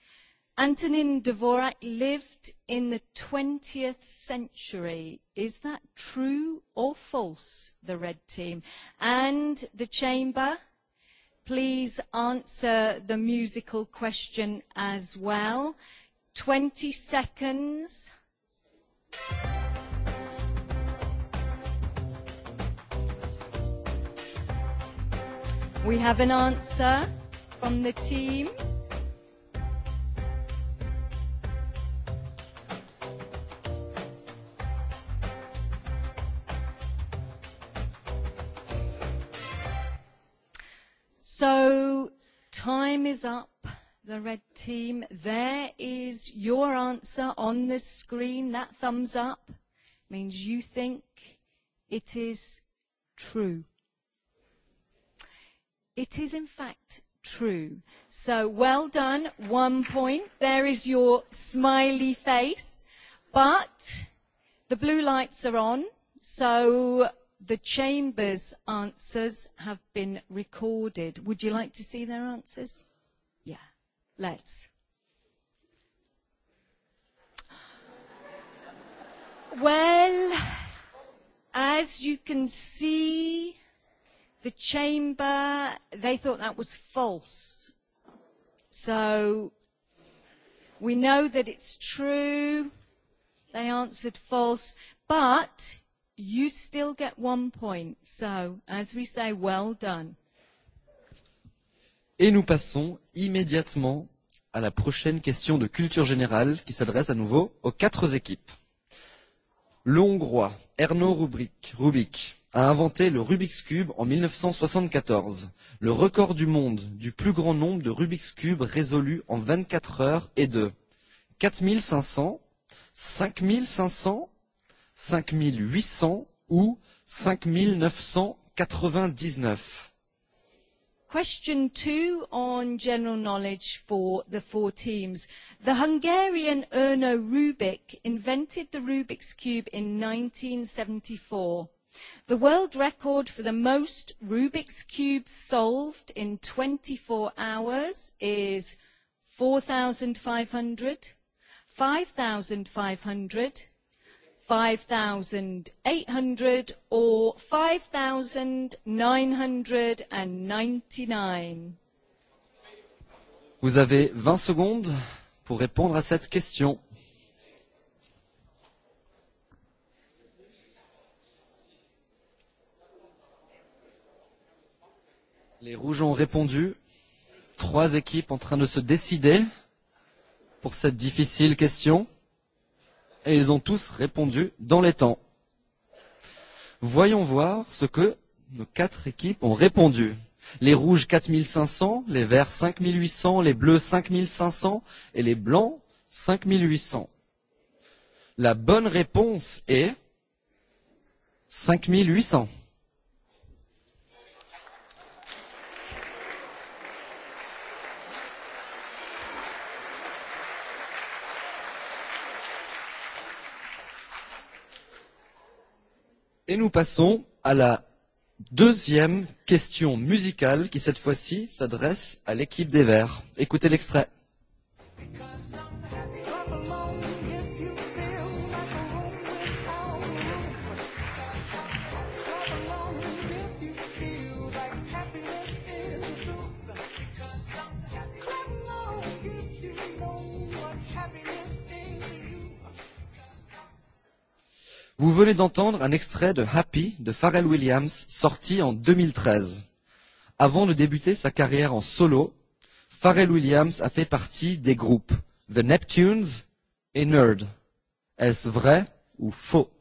Antonin Dvorak lived in the 20th century Is that true or false, the red team? And the chamber, please answer the musical question as well. 20 seconds. We have an answer from the team. So time is up, the red team. There is your answer on the screen. That thumbs up means you think it is true. It is in fact true. So well done, one point. There is your smiley face. But the blue lights are on, so the Chamber's answers have been recorded. Would you like to see their answers? Yeah, let's. Well, as you can see, the Chamber, they thought that was false. So we know that it's true. They answered false. But you still get one point. So, as we say, well done. Et nous passons immédiatement à la prochaine question de culture générale qui s'adresse à nouveau aux quatre équipes. L'Hongrois Erno Rubik, Rubik a inventé le Rubik's Cube en 1974, le record du monde du plus grand nombre de Rubik's Cube résolus en 24 heures est de 4500, 5500 5800 ou 5999. Question two on general knowledge for the four teams. The Hungarian Erno Rubik invented the Rubik's Cube in 1974. The world record for the most Rubik's Cubes solved in 24 hours is 4,500, 5,500, 5,800 or 5,999 Vous avez 20 secondes pour répondre à cette question. Les rouges ont répondu. Trois équipes en train de se décider pour cette difficile question et ils ont tous répondu dans les temps. Voyons voir ce que nos quatre équipes ont répondu. Les rouges 4500, les verts 5800, les bleus 5500 et les blancs 5800. La bonne réponse est 5800. Et nous passons à la deuxième question musicale qui, cette fois-ci, s'adresse à l'équipe des Verts. Écoutez l'extrait. Vous venez d'entendre un extrait de Happy de Pharrell Williams sorti en 2013. Avant de débuter sa carrière en solo, Pharrell Williams a fait partie des groupes The Neptunes et Nerd. Est-ce vrai ou faux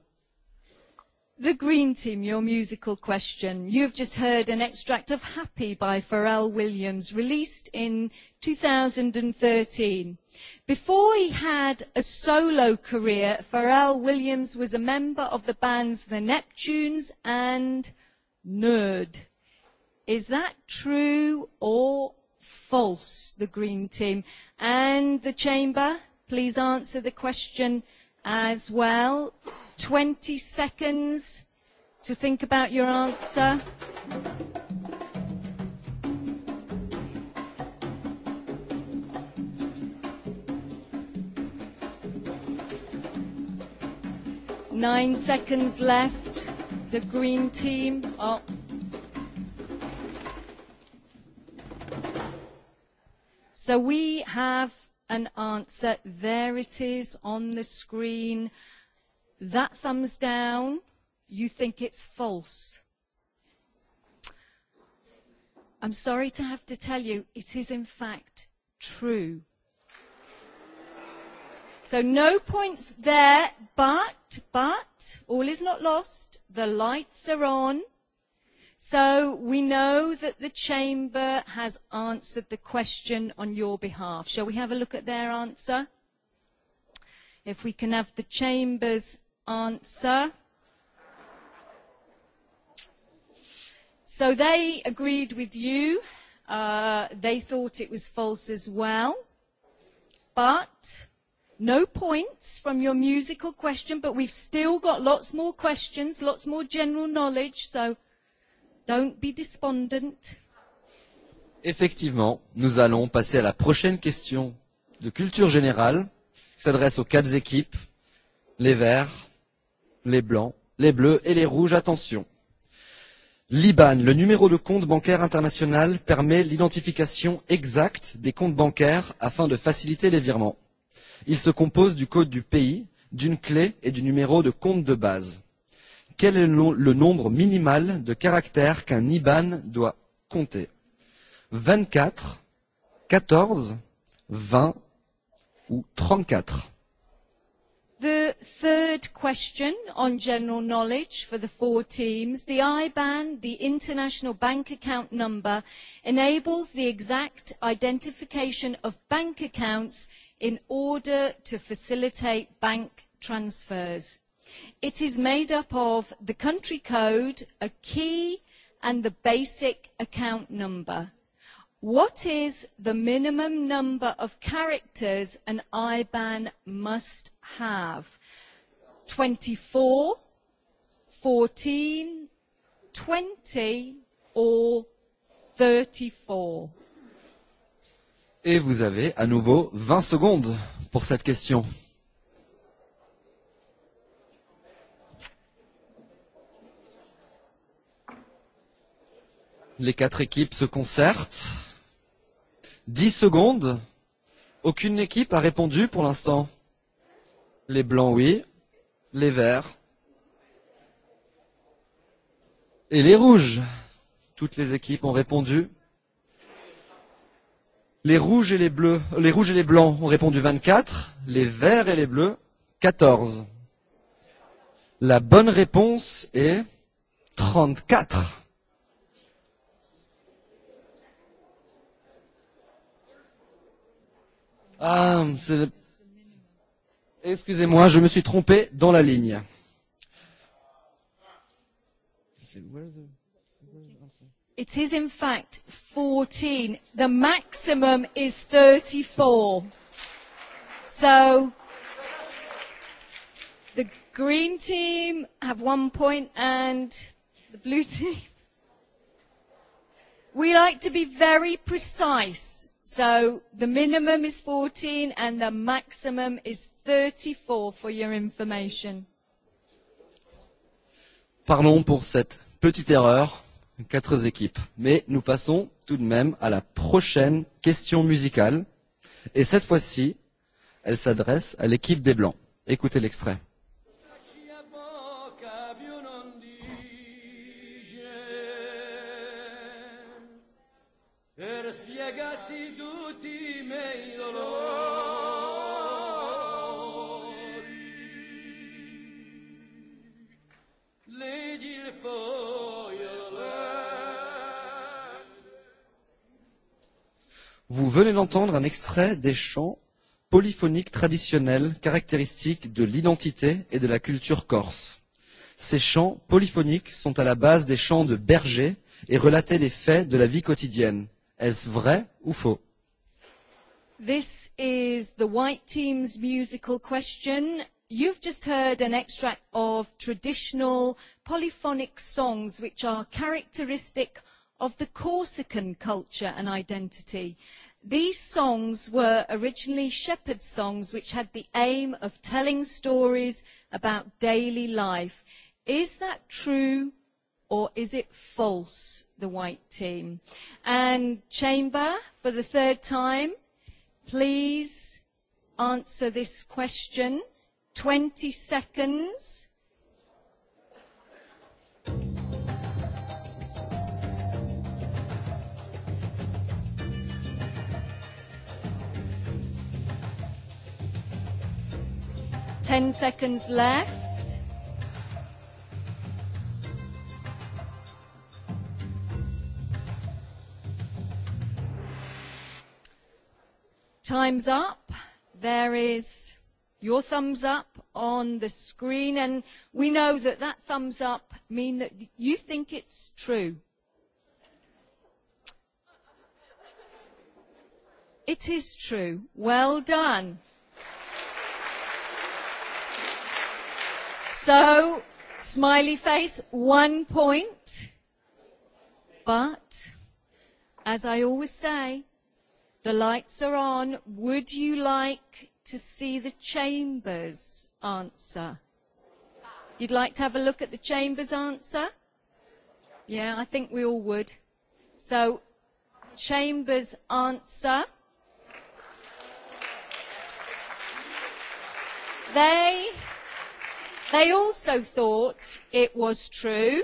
The Green Team, your musical question. You have just heard an extract of Happy by Pharrell Williams, released in 2013. Before he had a solo career, Pharrell Williams was a member of the bands The Neptunes and Nerd. Is that true or false, the Green Team? And the Chamber, please answer the question as well. 20 seconds to think about your answer. Nine seconds left. The green team. So we have an answer. There it is on the screen. That thumbs down. You think it's false. I'm sorry to have to tell you, it is in fact true. So no points there, but, but, all is not lost. The lights are on. So we know that the Chamber has answered the question on your behalf. Shall we have a look at their answer? If we can have the Chamber's answer. So they agreed with you. They thought it was false as well. But no points from your musical question, but we've still got lots more questions, lots more general knowledge, so Don't be despondent. Effectivement, nous allons passer à la prochaine question de culture générale qui s'adresse aux quatre équipes, les verts, les blancs, les bleus et les rouges. Attention. L'IBAN, le numéro de compte bancaire international, permet l'identification exacte des comptes bancaires afin de faciliter les virements. Il se compose du code du pays, d'une clé et du numéro de compte de base quel est le nombre minimal de caractères qu'un IBAN doit compter 24, 14, 20 ou 34 The third question on general knowledge for the four teams, the IBAN, the International Bank Account Number, enables the exact identification of bank accounts in order to facilitate bank transfers. It is made up of the country code, a key, and the basic account number. What is the minimum number of characters an IBAN must have? 24, 14, 20 or 34? Et vous avez à nouveau 20 secondes pour cette question. Les quatre équipes se concertent. 10 secondes. Aucune équipe a répondu pour l'instant. Les blancs, oui. Les verts. Et les rouges. Toutes les équipes ont répondu. Les rouges et les bleus, les rouges et les blancs ont répondu 24, les verts et les bleus 14. La bonne réponse est 34. Ah, excusez-moi, je me suis trompé dans la ligne. It is in fact 14. The maximum is 34. So the green team have one point and the blue team. We like to be very precise So the minimum is 14 and the maximum is 34 for your information. Pardon pour cette petite erreur, quatre équipes. Mais nous passons tout de même à la prochaine question musicale. Et cette fois-ci, elle s'adresse à l'équipe des Blancs. Écoutez l'extrait. Vous venez d'entendre un extrait des chants polyphoniques traditionnels caractéristiques de l'identité et de la culture corse. Ces chants polyphoniques sont à la base des chants de bergers et relataient les faits de la vie quotidienne. Est-ce vrai ou faux This is the White Team's musical question. You've just heard an extract of traditional polyphonic songs which are characteristic of the Corsican culture and identity. These songs were originally shepherd songs which had the aim of telling stories about daily life. Is that true or is it false, the white team? And Chamber, for the third time, please answer this question. 20 seconds. 10 seconds left. Time's up. There is your thumbs up on the screen, and we know that that thumbs up means that you think it's true. It is true. Well done. So, smiley face, one point. But, as I always say, the lights are on. Would you like to see the Chambers answer? You'd like to have a look at the Chambers answer? Yeah, I think we all would. So, Chambers answer. They They also thought it was true.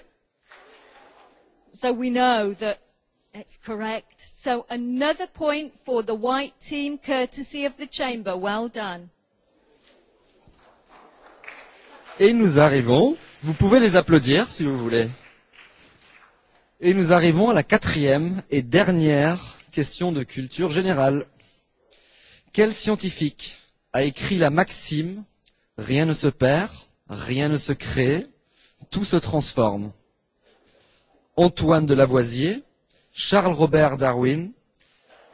So we know that it's correct. So another point for the white team, courtesy of the chamber. Well done. Et nous arrivons, vous pouvez les applaudir si vous voulez. Et nous arrivons à la quatrième et dernière question de culture générale. Quel scientifique a écrit la maxime Rien ne se perd, rien ne se crée, tout se transforme. Antoine de Lavoisier, Charles Robert Darwin,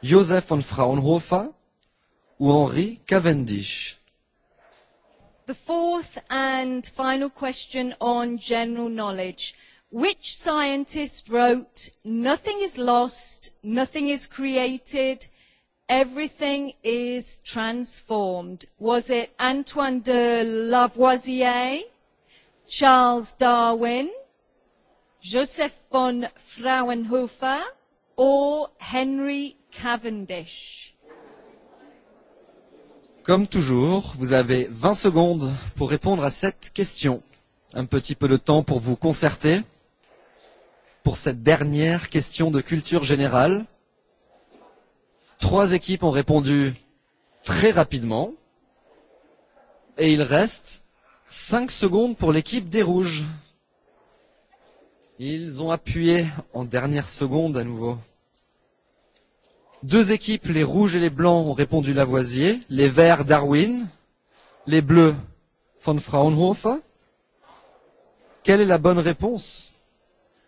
Joseph von Fraunhofer ou Henri Cavendish. The fourth and final question on general knowledge. Which scientist wrote, nothing is lost, nothing is created, everything is transformed. Was it Antoine de Lavoisier, Charles Darwin, Joseph von Frauenhofer, or Henry Cavendish? Comme toujours, vous avez 20 secondes pour répondre à cette question. Un petit peu de temps pour vous concerter pour cette dernière question de culture générale. Trois équipes ont répondu très rapidement. Et il reste 5 secondes pour l'équipe des Rouges. Ils ont appuyé en dernière seconde à nouveau. Deux équipes, les Rouges et les Blancs, ont répondu Lavoisier. Les Verts, Darwin. Les Bleus, von Fraunhofer. Quelle est la bonne réponse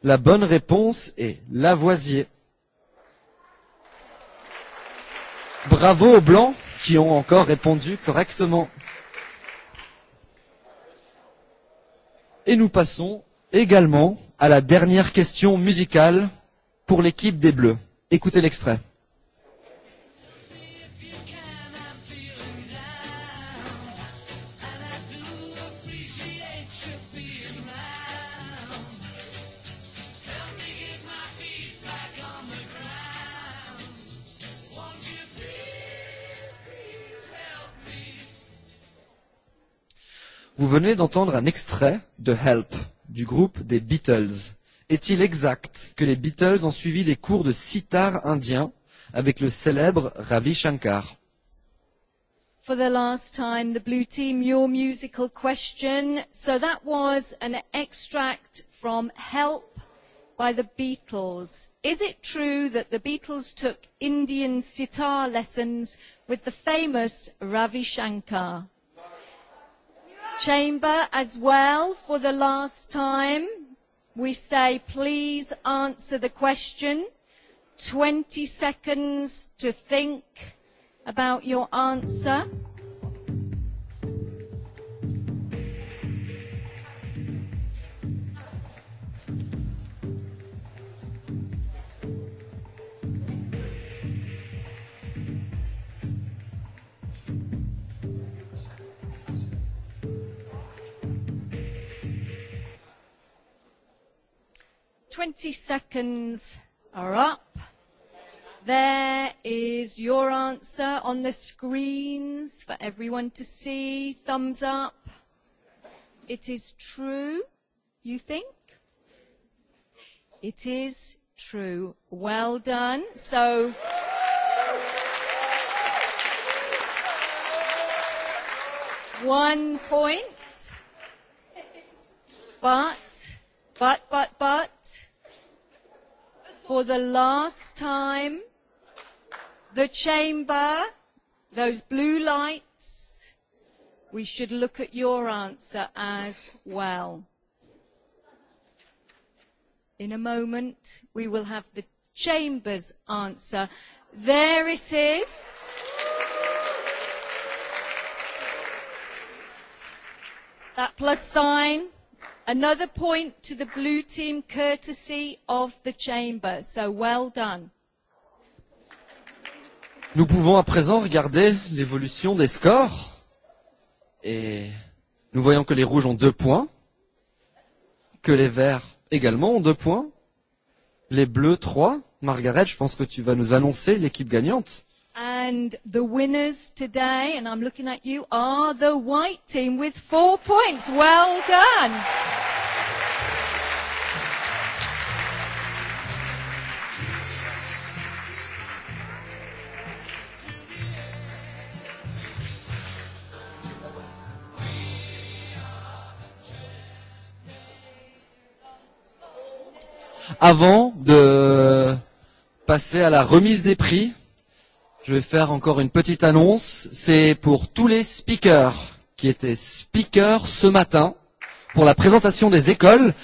La bonne réponse est Lavoisier. Bravo aux blancs qui ont encore répondu correctement. Et nous passons également à la dernière question musicale pour l'équipe des Bleus. Écoutez l'extrait. Vous venez d'entendre un extrait de Help du groupe des Beatles. Est-il exact que les Beatles ont suivi des cours de sitar indien avec le célèbre Ravi Shankar For the last time, the blue team, your musical question. So that was an extract from Help by the Beatles. Is it true that the Beatles took Indian sitar lessons with the famous Ravi Shankar? chamber as well for the last time. We say please answer the question. 20 seconds to think about your answer. 20 seconds are up. There is your answer on the screens for everyone to see. Thumbs up. It is true, you think? It is true. Well done. So. One point. But, but, but, but for the last time the chamber those blue lights we should look at your answer as well in a moment we will have the chamber's answer there it is that plus sign Another point to the blue team courtesy of the chamber. So well done. Nous pouvons à présent regarder l'évolution des scores. Et nous voyons que les rouges ont deux points, que les verts également ont deux points, les bleus trois. Margaret, je pense que tu vas nous annoncer l'équipe gagnante. And the winners today, and I'm looking at you, are the white team with four points. Well done. Avant de passer à la remise des prix, je vais faire encore une petite annonce. C'est pour tous les speakers qui étaient speakers ce matin pour la présentation des écoles.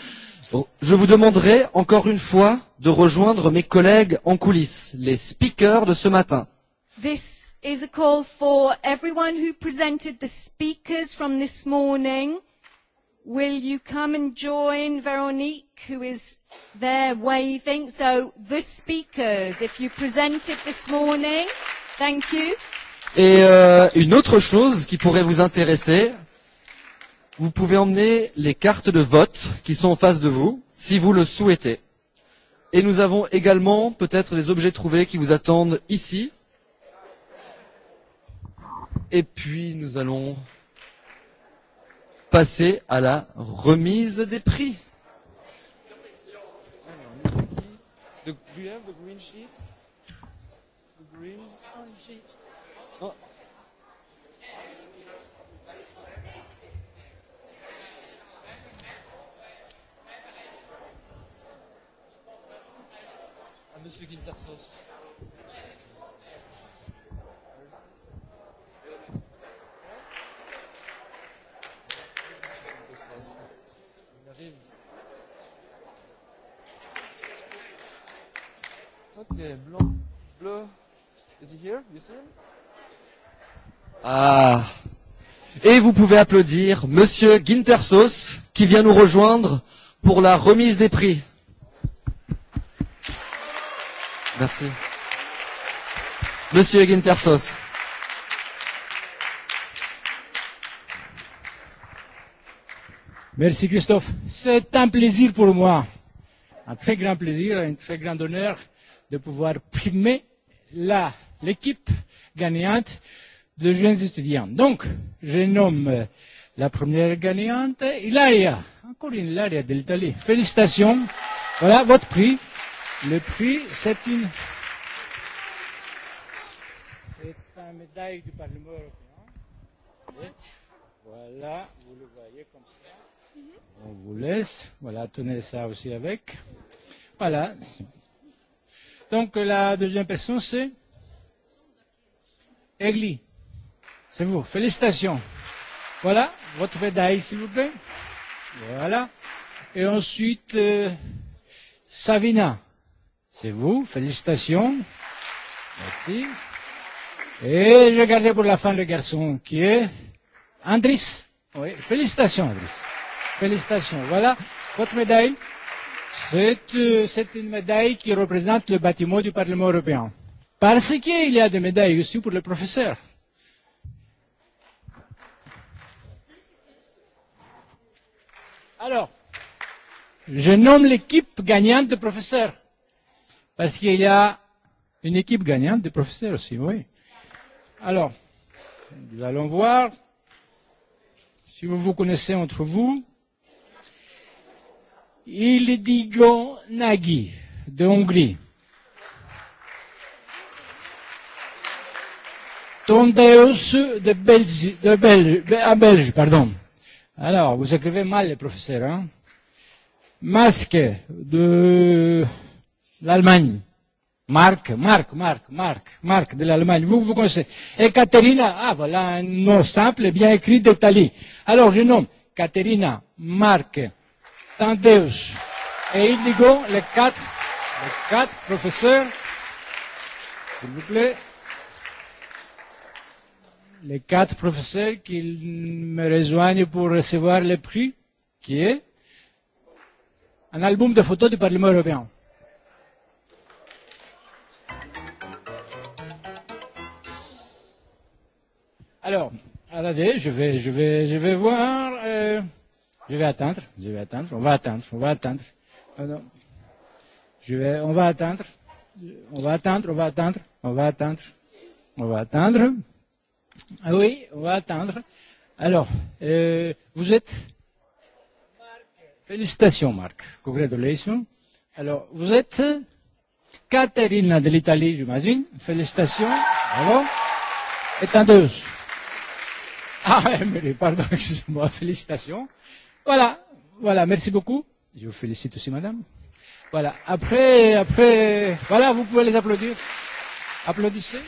Je vous demanderai encore une fois de rejoindre mes collègues en coulisses, les speakers de ce matin. This is a call for everyone who presented the speakers from this morning. Will you come and join Veronique, who is there waving? So the speakers, if you presented this morning, thank you. Et une autre chose qui pourrait vous intéresser, vous pouvez emmener les cartes de vote qui sont en face de vous, si vous le souhaitez. Et nous avons également peut-être des objets trouvés qui vous attendent ici. Et puis nous allons passer à la remise des prix. Monsieur Guintersos. Okay, is he here? You see Ah. Et vous pouvez applaudir Monsieur Gintersos qui vient nous rejoindre pour la remise des prix. Merci. Monsieur Gintersos. Merci Christophe. C'est un plaisir pour moi. Un très grand plaisir, un très grand honneur de pouvoir primer la l'équipe gagnante de jeunes étudiants. Donc, je nomme la première gagnante, Ilaria. Encore une Ilaria de l'Italie. Félicitations. Voilà votre prix. Le prix, c'est une... C'est un médaille du Parlement européen. Voilà, vous le voyez comme ça. On vous laisse. Voilà, tenez ça aussi avec. Voilà, Donc la deuxième personne, c'est Egli. C'est vous. Félicitations. Voilà, votre médaille, s'il vous plaît. Voilà. Et ensuite, Savina. C'est vous. Félicitations. Merci. Et je gardais pour la fin le garçon qui est Andris. Oui, félicitations, Andris. Félicitations. Voilà, votre médaille. C'est une médaille qui représente le bâtiment du Parlement européen. Parce qu'il y a des médailles aussi pour les professeurs. Alors, je nomme l'équipe gagnante de professeurs. Parce qu'il y a une équipe gagnante de professeurs aussi, oui. Alors, nous allons voir si vous vous connaissez entre vous. Il Ildigo Nagy de Hongrie. Tondeus de Belge, de Belge, à Belge, pardon. Alors, vous écrivez mal les professeurs, hein. Masque de l'Allemagne. Marc, Marc, Marc, Marc, Marc de l'Allemagne. Vous, vous connaissez. Et Caterina, ah, voilà un nom simple bien écrit d'Italie. Alors, je nomme Caterina, Marc, Thaddéus. Et Indigo, les quatre, les quatre professeurs, s'il vous plaît, les quatre professeurs qui me rejoignent pour recevoir le prix, qui est un album de photos du Parlement européen. Alors, regardez, je vais, je vais, je vais voir. Euh Je vais attendre, je vais attendre, on va attendre, on va attendre. Pardon. Je vais, on va attendre, on va attendre, on va attendre, on va attendre, on va attendre. Ah oui, on va attendre. Alors, euh, vous êtes Félicitations Marc, congratulations. Alors, vous êtes Caterina de l'Italie, j'imagine. Félicitations, bravo. Et un deux. Ah, mais pardon, excusez-moi, félicitations. Voilà, voilà, merci beaucoup. Je vous félicite aussi, madame. Voilà, après, après, voilà, vous pouvez les applaudir. Applaudissez.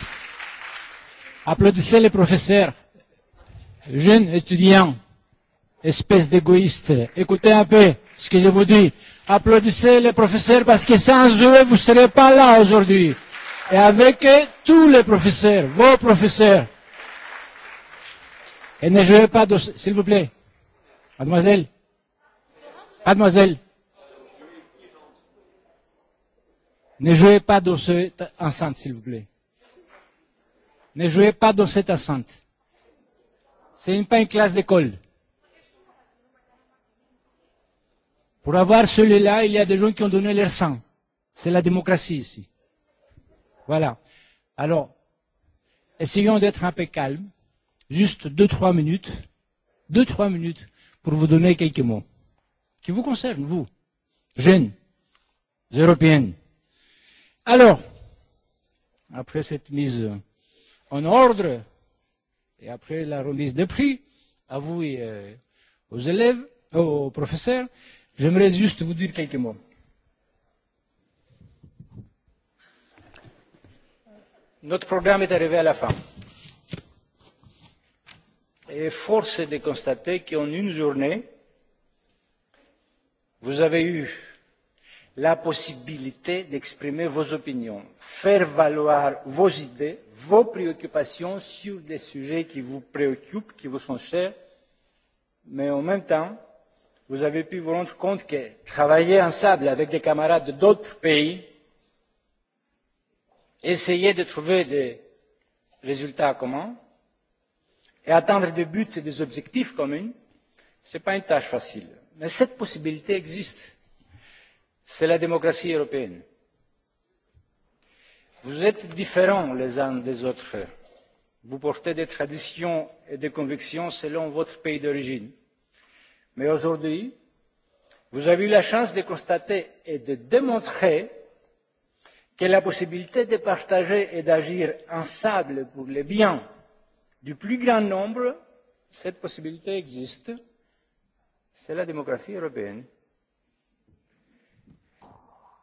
Applaudissez les professeurs. Jeunes étudiants, espèce d'égoïste, écoutez un peu ce que je vous dis. Applaudissez les professeurs parce que sans eux, vous ne serez pas là aujourd'hui. Et avec eux, tous les professeurs, vos professeurs. Et ne jouez pas, s'il vous plaît, Mademoiselle Mademoiselle Ne jouez pas dans cette enceinte, s'il vous plaît. Ne jouez pas dans cette enceinte. Ce n'est pas une classe d'école. Pour avoir celui-là, il y a des gens qui ont donné leur sang. C'est la démocratie ici. Voilà. Alors, essayons d'être un peu calmes. Juste deux, trois minutes. Deux, trois minutes pour vous donner quelques mots qui vous concernent, vous, jeunes, européennes. Alors, après cette mise en ordre et après la remise des prix, à vous et aux élèves, aux professeurs, j'aimerais juste vous dire quelques mots. Notre programme est arrivé à la fin et force est de constater qu'en une journée, vous avez eu la possibilité d'exprimer vos opinions, faire valoir vos idées, vos préoccupations sur des sujets qui vous préoccupent, qui vous sont chers, mais en même temps, vous avez pu vous rendre compte que travailler ensemble avec des camarades d'autres pays, essayer de trouver des résultats communs, et atteindre des buts et des objectifs communs, ce n'est pas une tâche facile. Mais cette possibilité existe. C'est la démocratie européenne. Vous êtes différents les uns des autres. Vous portez des traditions et des convictions selon votre pays d'origine. Mais aujourd'hui, vous avez eu la chance de constater et de démontrer que la possibilité de partager et d'agir ensemble pour le bien du plus grand nombre, cette possibilité existe. C'est la démocratie européenne.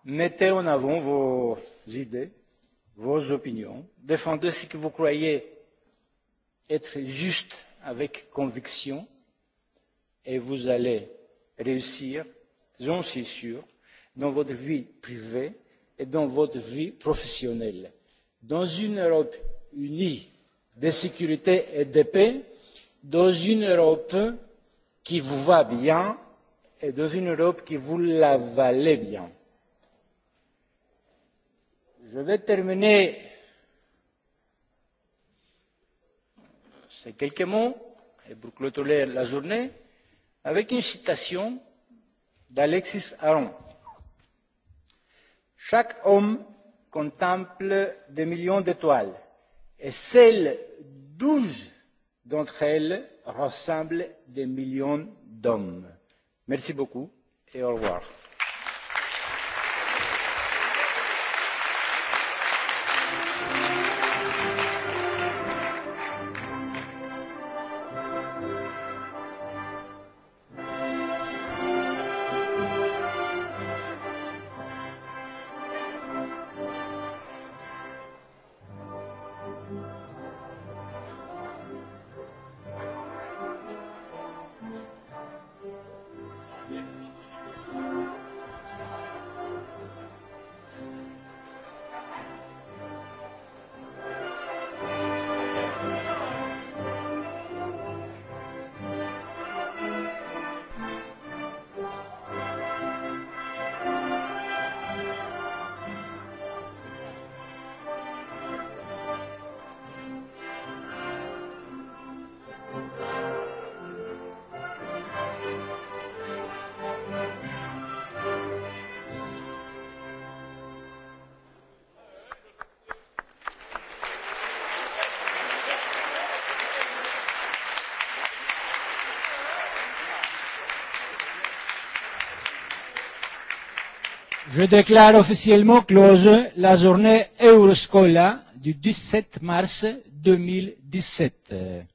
Mettez en avant vos idées, vos opinions, défendez ce que vous croyez être juste avec conviction et vous allez réussir, j'en suis sûr, dans votre vie privée et dans votre vie professionnelle. Dans une Europe unie, de sécurité et de paix dans une Europe qui vous va bien et dans une Europe qui vous la valait bien. Je vais terminer ces quelques mots et pour clôturer la journée avec une citation d'Alexis Aron. Chaque homme contemple des millions d'étoiles et seules douze d'entre elles rassemblent des millions d'hommes. merci beaucoup et au revoir. Je déclare officiellement close la journée Euroscola du 17 mars 2017.